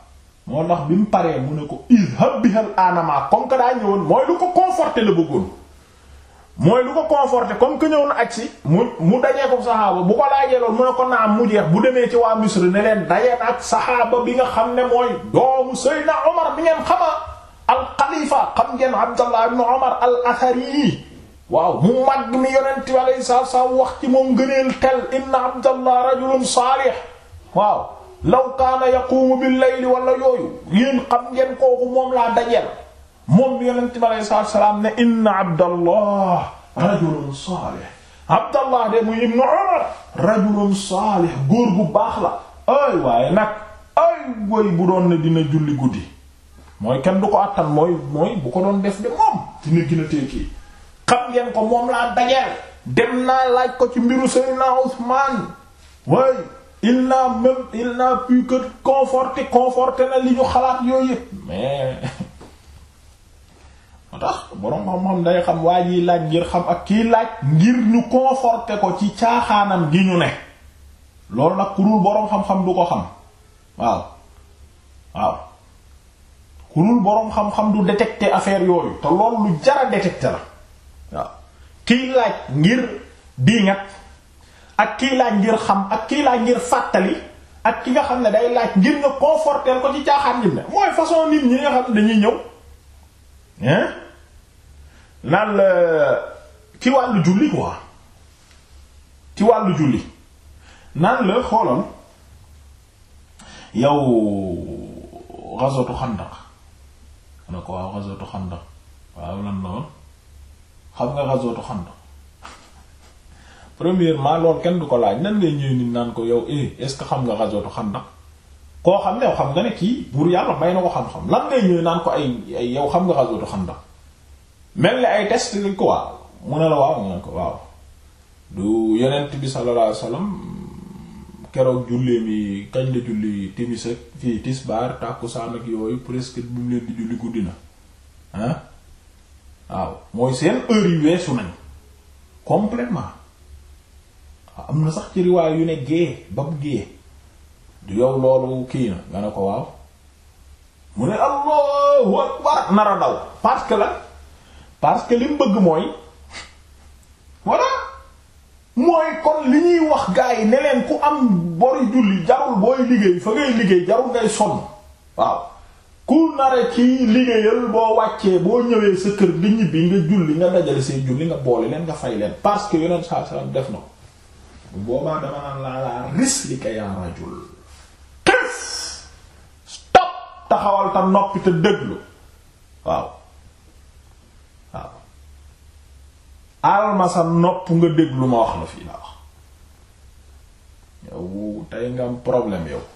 moo tax bi mu paree mu ne ko izhab bihal anama comme que daa ñëwoon mooy lu ko conforter la bëggoon mooy lu ko conforter comme que ñëwoon si mu mu dajee ko saxaaba bu ko laajee loolu mu ne ko naa mu jeex bu demee ci waa Misr ne leen dajee ak saxaaba bi nga xam ne mooy doomu Seydina Omar bi ngeen xama al xalifa xam ngeen Abdallah ibn Omar al athari yi waaw mu mag mi yonent bi alayhi salaatu wa salaam wax ci moom ngëneel tel inna Abdallah rajulun saalih waaw law kaana yaqumu bil layli wala yooyu yéen xam ngeen kooku moom laa dajeel moom bi yonent bi alayhi salaatu salaam ne inna abdallah rajulun saalih abdallah de muy ibnu umar rajulun saalih góor gu baax la ay waaye nag ay way bu doon ne dina julli guddi mooy kenn du ko attan mooy mooy bu ko doon def de moom dina gën a teekii xam ko moom laa dajeel dem naa laaj ko ci mbiru Seydina Usmaan way il n'a même il n'a pu que conforter na li ñu xalaat yooyu mais moo tax borom xam-xam day xam waa jiy laaj ngir xam ak kiy laaj ngir ñu conforter ko ci caaxaanam gi ñu ne loolu nag ku dul borom xam-xam du ko xam waaw waaw ku dul borom xam-xam du détecter affaire yooyu te loolu lu jar a la waaw kiy laaj ngir di ngat ak kii laaj ngir xam ak kii laaj ngir fàttali ak ki nga xam ne day laaj ngir nga conforter ko ci caaxaan jëm ne mooy façon nit ñi nga xam ne dañuy ñëw naan la ci wàllu julli quoi ci wàllu julli naan la xoolal yow ghazwatu xandaq na ko waaw ghazwatu xandaq waaw lan la woon xam nga ghazwatu xandaq premièrement loolu kenn du ko laaj nan ngay ñëw nit naan ko yow eh est ce que xam nga razotu Xandaq koo xam ne yow xam nga ne kii buur yàlla may na ko xam-xam lan ngay ñëw naan ko ay ay yow xam nga razotu Xandaq mel ni ay test li ko waaw mu ne la waaw mu ne ko waaw du yonent bi sallallahu alayhi keroog jullee mi kañ la julli timis ak fii tisbaar tàkkusaan ak yooyu presque bu mu leen di julli guddi na ah waaw mooy seen heure yi weesu nañ complètement am na sax ci riwaay yu ne gée ba mu gée du yow loolu kii na nga ne ko waaw mu ne allahu akbar nar a daw parce que la parce que li mu bëgg mooy voilà mooy kon li ñuy wax gaa yi ne leen ku am bori julli jarul booy liggéey fa ngay liggéey jarul ngay sonn waaw ku nare kii liggéeyal boo wàccee boo ñëwee sa kër di ñibbi nga julli nga dajale say julli nga boole leen nga fay leen parce que yonent sallallahu alayhi wasallam def na ko bu boobaa dama naan laa laa rislika yaa rajul xis stop taxawal ta noppi te déglu waaw waaw alma nopp nga déglu ma wax la fii laa wax yow tey nga am problème yow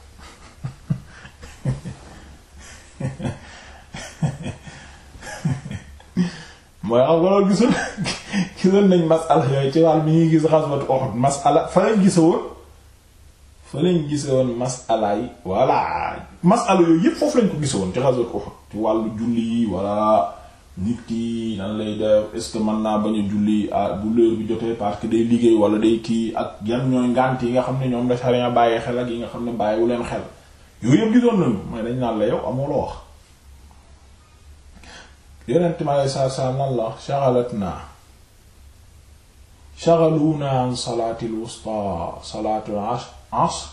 mooy xam ah, nga loolu gisul gisoon nañ masala yooyu ci wàll mi ñuy gis xaswatu Uhud masala fa lañ gisoon fa lañ gisoon masala yi voilà masala yooyu yépp foofu lañ ko gisoon ci xaswatu Uhud ci wàllu julli yi voilà nit ki nan lay def est-ce que mën naa bañ a julli ah bu leer bi jotee parce que day liggéey wala day kii ak yan ñooy ngànt yi nga xam ne ñoom la sariya bàyyi xel ak yi nga xam ne bàyyiwu leen xel yooyu yëpp gisoon nañu mooy dañ naan la yow amoo la wax. yonent ma lay saa saa nan shaghaluuna an salaatil wusta salaatul asr asr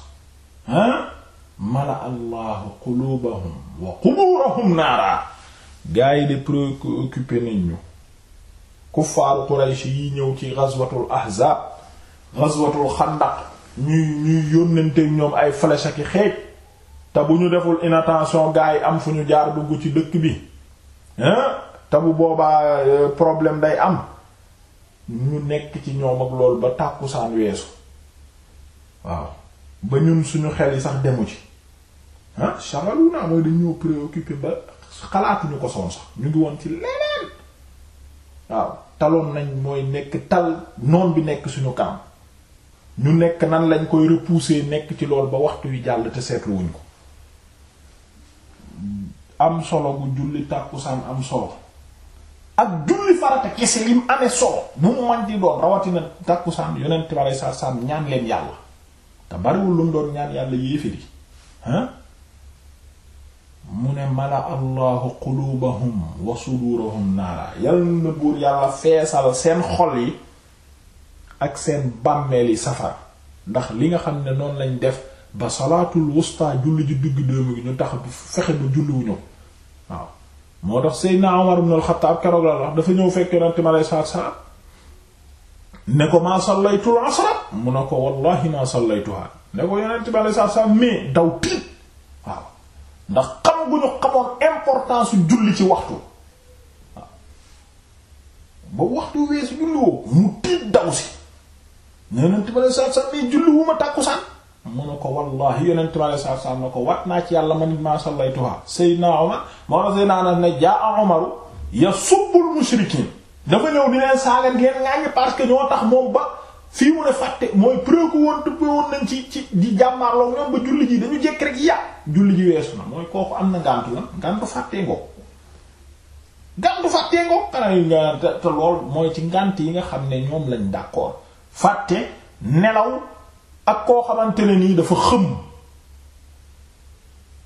ha mala allahu quluubahum wa qubuurahum naara gaa de préoccupé nañ ñu kuffaaru Quraysh yi ñëw ci ghazwatul ahzaab ghazwatul xandaq ñuy ñuy yónnante ñoom ay flèche ak xeej te bu ñu deful inattention gaa yi am fu ñu jaar dugg ci dëkk bi hein te bu boobaa euh, problème day am ñu nekk ci ñoom ak loolu ba tàkkusaan weesu waaw ba ñun suñu xel yi sax demu ci ah shagalu naa mooy dañoo préoccupé ba xalaatuñu ko son sax ñu ngi woon ci leneen waaw taloon nañ mooy nekk tal noon bi nekk suñu kanam ñu nekk nan lañ koy repousser nekk ci lool ba waxtu wi jàll te seetluwuñ ko am solo bu julli tàkkusaan am solo ak julli farata kese lim amee solo bu mu man di rawatina tàkkusaan yonent bi aleyhi salaatu salaam ñaan leen yàlla te bariwul lu mu doon ñaan yàlla yéeféri ah mu ne mala allahu quluubahum wa suduurahum naara yal na buur yàlla feesal seen xol yi ak seen bàmmeel yi safara ndax li nga xam ne noon lañ def ba salaatul wusta julli ji digg doomu gi ñu tax fexe ba julliwuñu waaw moo tax Seydina Omar ibn al-Khattab keroog la wax dafa ñëw fekk Yonent mi alayhi salaatu salaam ne ko maa sallaytul asra mu ne ko wallahi maa sallaytuha ne ko Yonent mi alayhi salaatu salaam mais daw tiit waaw ndax xam gu ñu xamoon importance julli ci waxtu waaw ba waxtu weesu julliwoo mu tiit daw si Yonent mi alayhi salaatu salaam mais julli wu ma tàkkusaan mu ne ko wallahi yonent bi alayhi salaatu salaam ko wat naa ci yàlla man maa sallaytuha Seydina Omar moo na Seydina Anas ne jaa Omaru yasubbul mushrikiin dafa ñëw di leen saaga ngeen ngaañi parce que ñoo tax ba fii mu ne fàtte mooy preuve woon tuppee ci di jàmmaarloo ñoom ba julli ji dañu jekk rek yàq julli ji weesu na mooy kooku am na ngàntu lan ngàntu fàttee ngoo ngàntu fàttee ngoo xanaa nga te lool mooy ci ngànt yi nga xam ne ñoom lañ d'accord fàtte nelaw ak koo xamante ni nii dafa xëm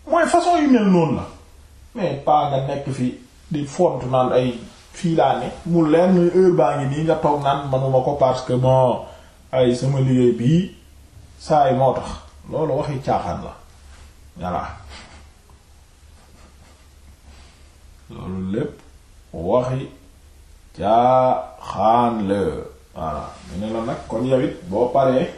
mooy façon yu mel noonu la mais pas nga nekk fi di font naan ay fii mu leer heure baa ngi nii nga toog naan manuma ko parce que bon ay sama liggéey bii saa yi moo tax loolu waxi caaxaan la voilà loolu ne la nag kon yow boo paree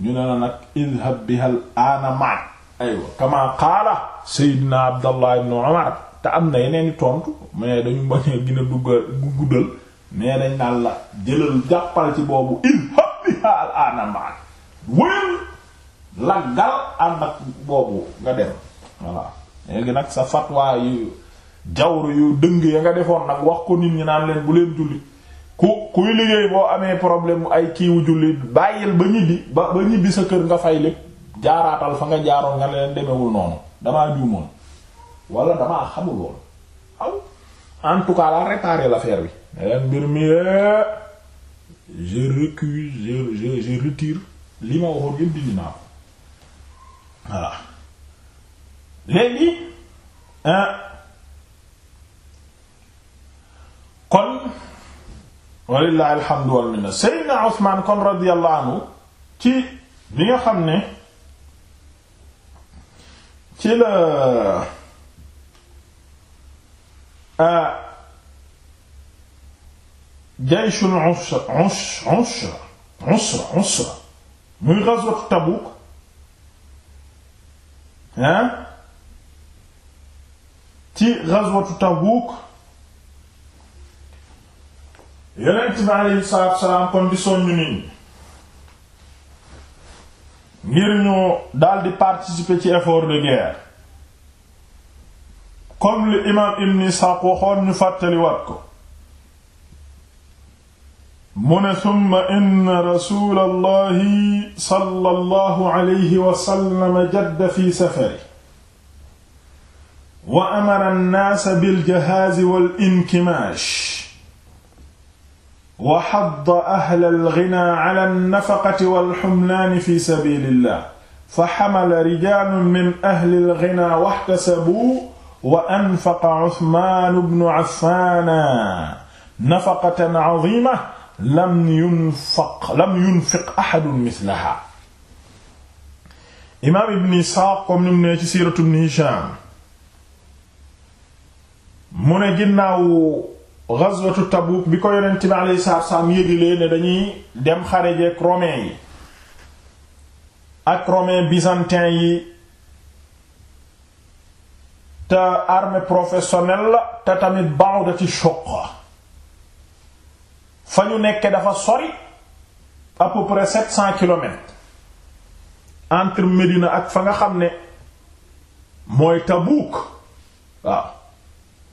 ñu ne la nag idhab bihal aana maak aywa kama qaala seydina abdallah ibn umar te am na yeneen i tontu mais dañu mbañee gën a duggal guddal mais dañ naan la jëlal jàppal ci boobu idhab bihal aana maak wël laggal ànd ak boobu nga dem voilà léegi nag sa fatwa yu jawru yu dëng ya nga defoon nag wax ko nit ñi naan leen bu leen julli ku kuy liggéey boo amee problème ay kiiwu jullit bàyyil ba ñibbi ba ba ñibbi sa kër nga fay lépp jaaraatal fa nga jaaroon nga leen demewul noonu damaa juumoon wala damaa xamul aw en tout cas la réparer l'affaire bi leen mbir mi je recuse je je je retire li ma waxoon yëpp dindi naa ko voilà léegi kon walillahi alhamdu wal minna Seydina Usmaan kon radiyallahu anhu ci bi nga xam ne ci la jayshul usra usra usra usra muy ghazwat Tabuk hein ci ghazwat Tabuk yonent bi aleyhi salaatu salaam kon di soññ nit ñi ngir ñu daldi participer ci effort de guerre comme li imaam Ibn Isxaaq waxoon ñu fàttaliwaat ko mu ne summa inna rasuulallahi sallallahu alayhi wa sallam jadda fi safari wa amara an-naas bil jahaazi wal inkimaash wa xadda ahla alghinaa ala alnafaqati walxumlaani fi sabilillah fa xamala rijaalun min ahli alghinaa waxtasabuu wa anfaqa Usmaan bnu Affaan nafaqatan aziimatan lam yunfaq lam yunfiq ahadun mislahaa. imaam Ibn Isxaaq comme ni mu nee ci siiratu Ibn Hishaam mu ne ginnaaw. ghazwatu Tabuk bi ko yonent bi alayhi salaatu salaam yégle ne dañuy dem xare jeek romain yi ak romain byzantin yi te armée professionnelle la te tamit ba'dati shuq fa ñu nekke dafa sori à peu près sept cent kilomètres entre Médina ak fa nga xam ne mooy Tabuk waaw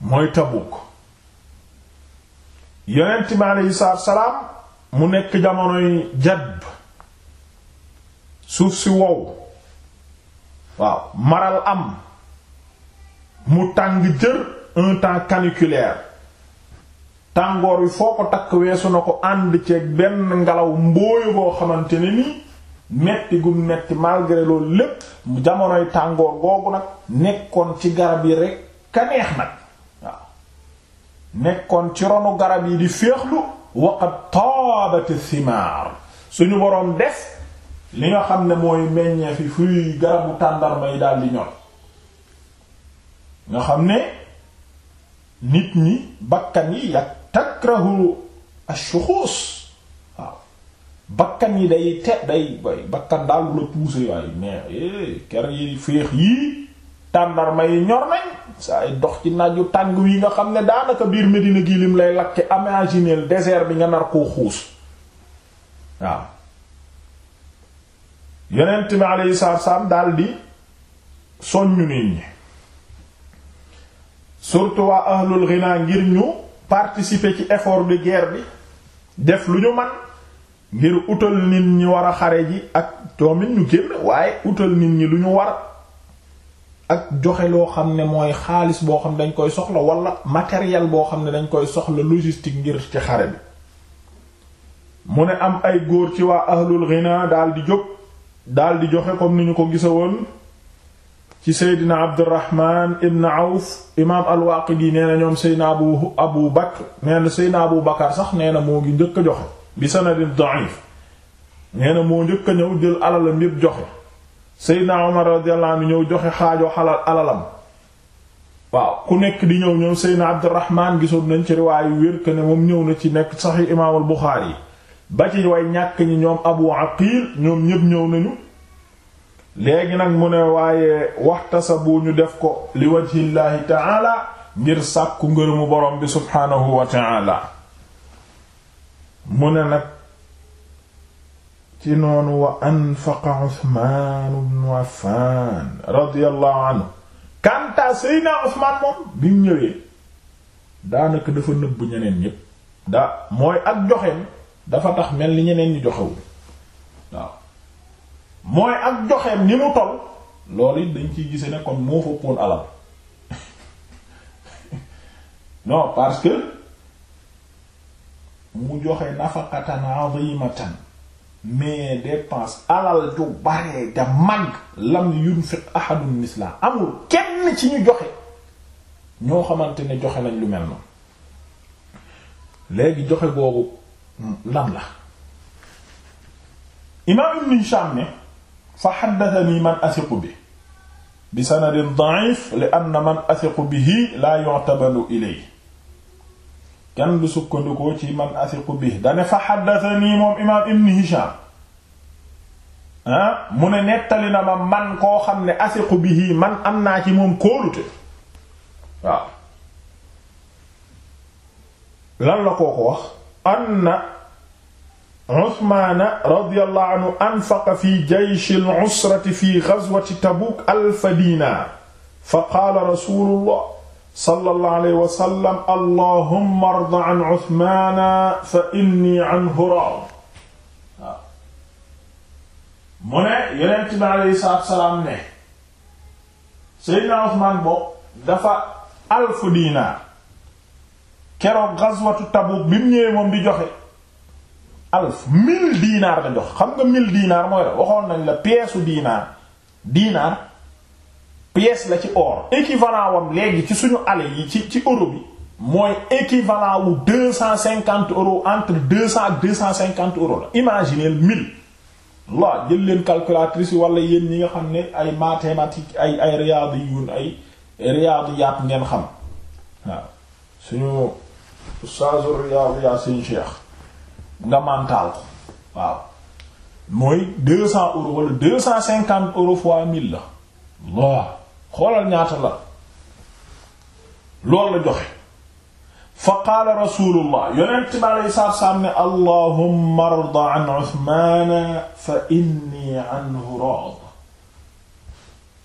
mooy Tabuk yonent bi aleyhi salaatu mu nekk jamonoy jadb suuf si wow maral am mu tàng jër un temps tàngoor wi foo ko takk weesu na ko ànd ceeg benn ngelaw mbooyu boo xamante ne ni metti gu metti malgré loolu lépp jamonoy tàngoor googu nag nekkoon ci garab yi rek ka neex nag nekkoon ci ronu garab yi di féexlu waqad taabati thimaar suñu boroom def li nga xam ne mooy meññee fi fuy garabu tàndarma yi daal di ñor nga xam ne nit ñi bakkan yi yak takrahu ash-shukhus waaw bakkan yi day te day bakkan daal la pousser waaye mais eh, kër yi féex yii tànnarma yi ñor nañ saa yi dox ci naaju tàng wi nga xam ne daanaka biir Medina gi lim lay lakke imaginer désert bi nga nar koo xuus waaw yonent bi alayhi salaam daldi soññu nit ñi surtout waa ahlul ngir ñu participer ci effort de guerre bi def lu ñu man ngir utal nit ñi war a xare ji ak doomit ñu génn waaye utal nit ñi lu ñu war ak joxe loo xam ne mooy xaalis boo xam ne dañ koy soxla wala matériel boo xam ne dañ koy soxla logistique ngir ci xare bi mu ne am ay góor ci waa ahlul ghina daal di jóg daal di joxe comme ni ñu ko gisa woon ci seydina abdurrahman ibn auf imaam al-Waaqidi nee na ñoom seydina abu abu bakr nee na seydina abu bakar sax nee na moo njëkk a joxe bi sanadin da'if nee na moo njëkk a ñëw jël alalam yépp joxe Seydina Omar radiyallahu ñëw joxe xaajoo xalal alalam waaw ku nekk di ñëw ñoom Seydina Abdurrahman gisoon nañ ci riwaayu wér moom ñëw na ci nekk saxi imaamul Buxaari yi ba ci way ñàkk ñi ñoom Abu Aqil ñoom ñépp ñëw nañu léegi nag mu ne waaye waxtasabu ñu def ko li wajhillaahi ta'ala ngir sàkku ngërëmu borom bi subhaanahu wa ta'ala mu ne nag ci noonu wa anfaqa Usmaan ibn Affaan radiyallahu anhu kanta Seydina Usmaan moom bi mu ñëwee daanaka dafa nëbbu ñeneen ñépp da mooy ak joxeem dafa tax mel ni ñeneen ñi joxewul waaw mooy ak joxeem ni mu toll loolu it dañ ciy gise ne kon moo fëppoon alal non parce que mu joxe nafaqatan azimatan mais dépense alal ju baree da mag lam yunfiq ahadun misla amul kenn ci ñu joxe ñoo xamante ne joxe nañ lu mel noonu léegi joxe boobu lan la imaam ibn Hisham ne fa haddathani man athiqu bi bi sanadin da'if li anna man athiqu bihi la yu'tabaru ilayhi kenn du sukkandikoo ci man asiqu bi dane fa xaddatani moom imaam ibn hisham ah mu ne nettali na ma man koo xam ne asiqu bihi man am naa ci moom kóolute waaw lan la koo ko wax fi jaysh al-usrati fi ghazwati tabuk alfa dinaar fa qaala rasulullah sallallahu alayhi wa sallam allahumma arda an Usmaana fa inni anhu raad mu ne yonent bi alayhi salaatu salaam ne Seydina Usmaan boobu dafa alfu diinaar keroog gazwatu Tabuuk bi mu ñëwee moom di joxe alf mille diinaar da jox xam nga mille diinaar mooy la waxoon nañ la pièce u diinaar diinaar pièce la ci or équivalent léegi ci suñu ale yi ci ci euro bi mooy équivalent wu deux cent cinquante euros entre deux cent ak cent cinquante euros la imaginez mille la jël leen calculatrice wala yéen ñi nga xam ne ay mathématiques ay ay riyadiyun ay yaat ngeen xam waaw suñu ustaz riyadiyat suñu cheikh nga mantaal ko waaw mooy deux cent euros wala deux cent cinquante euros fois mille la waaw xoolal ñaata la loolu la joxe fa qaala rasulullah yonent bi aleyhi salaatu salaam ne allahumma arda an Usmaana fa inni anhu raad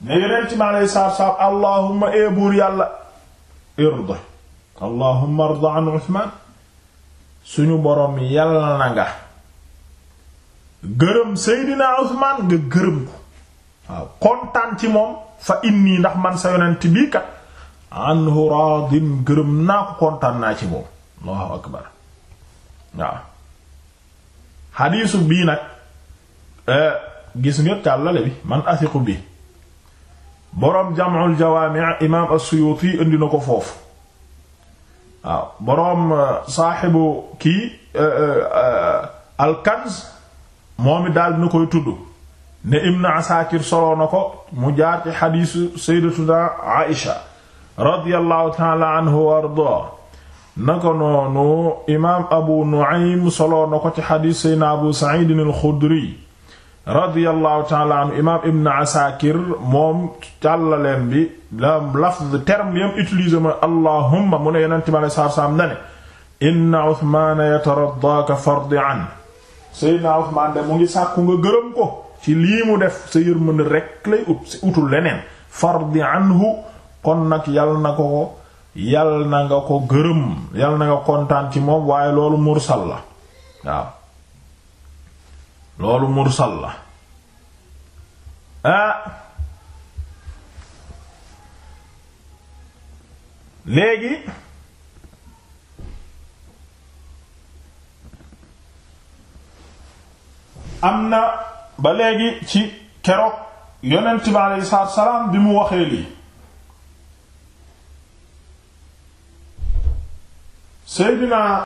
ne yonent bi aleyhi salaatu salaam allahumma ee buur yàlla irda allahumma arda an Usmaan suñu boroom yàlla na nga gërëm Seydina Usmaan nga gërëm ko waaw kontaan ci moom fa inni ndax man sa yonent bii kat anhu raadin gërëm naa ko kontaan naa ci moom allahu akbar waaw bii nag eh, gis nga càllale bi man asiqu bi boroom jam'ul jawaami' imaam as-Suyuuti indi ko foofu waaw boroom eh, saaxibu kii eh, al-Kanz moom it daal dina koy tudd ne Ibn Asakir solo na ko mu jaar ci xadiisu sayyidatuna Aïsha radiyallahu taala anhu wa ardaa naka noonu imaam Abu Nu'aym soloo na ko ci xadiis Abu Sa'id al-Khudri radiyallahu taala anhu imaam Ibn Asakir moom càllaleen bi la lafz terme yam utilisé ma allahumma mu ne yonent bi alayhi salaam dane inna Uthmaana yataraddaaka fardi'an sayyidina Uthmaan de mu ngi sàkku gërëm ko ci lii mu def sa yërmande rekk lay ut si utul leneen fardi anhu kon nag yal na ko yal na nga ko gërëm yal na nga kontaan ci moom waaye loolu mursal la loolu mursal la ah. léegi am na ba léegi ci keroog yonent bi aleyhi salaatu salaam bi mu waxee lii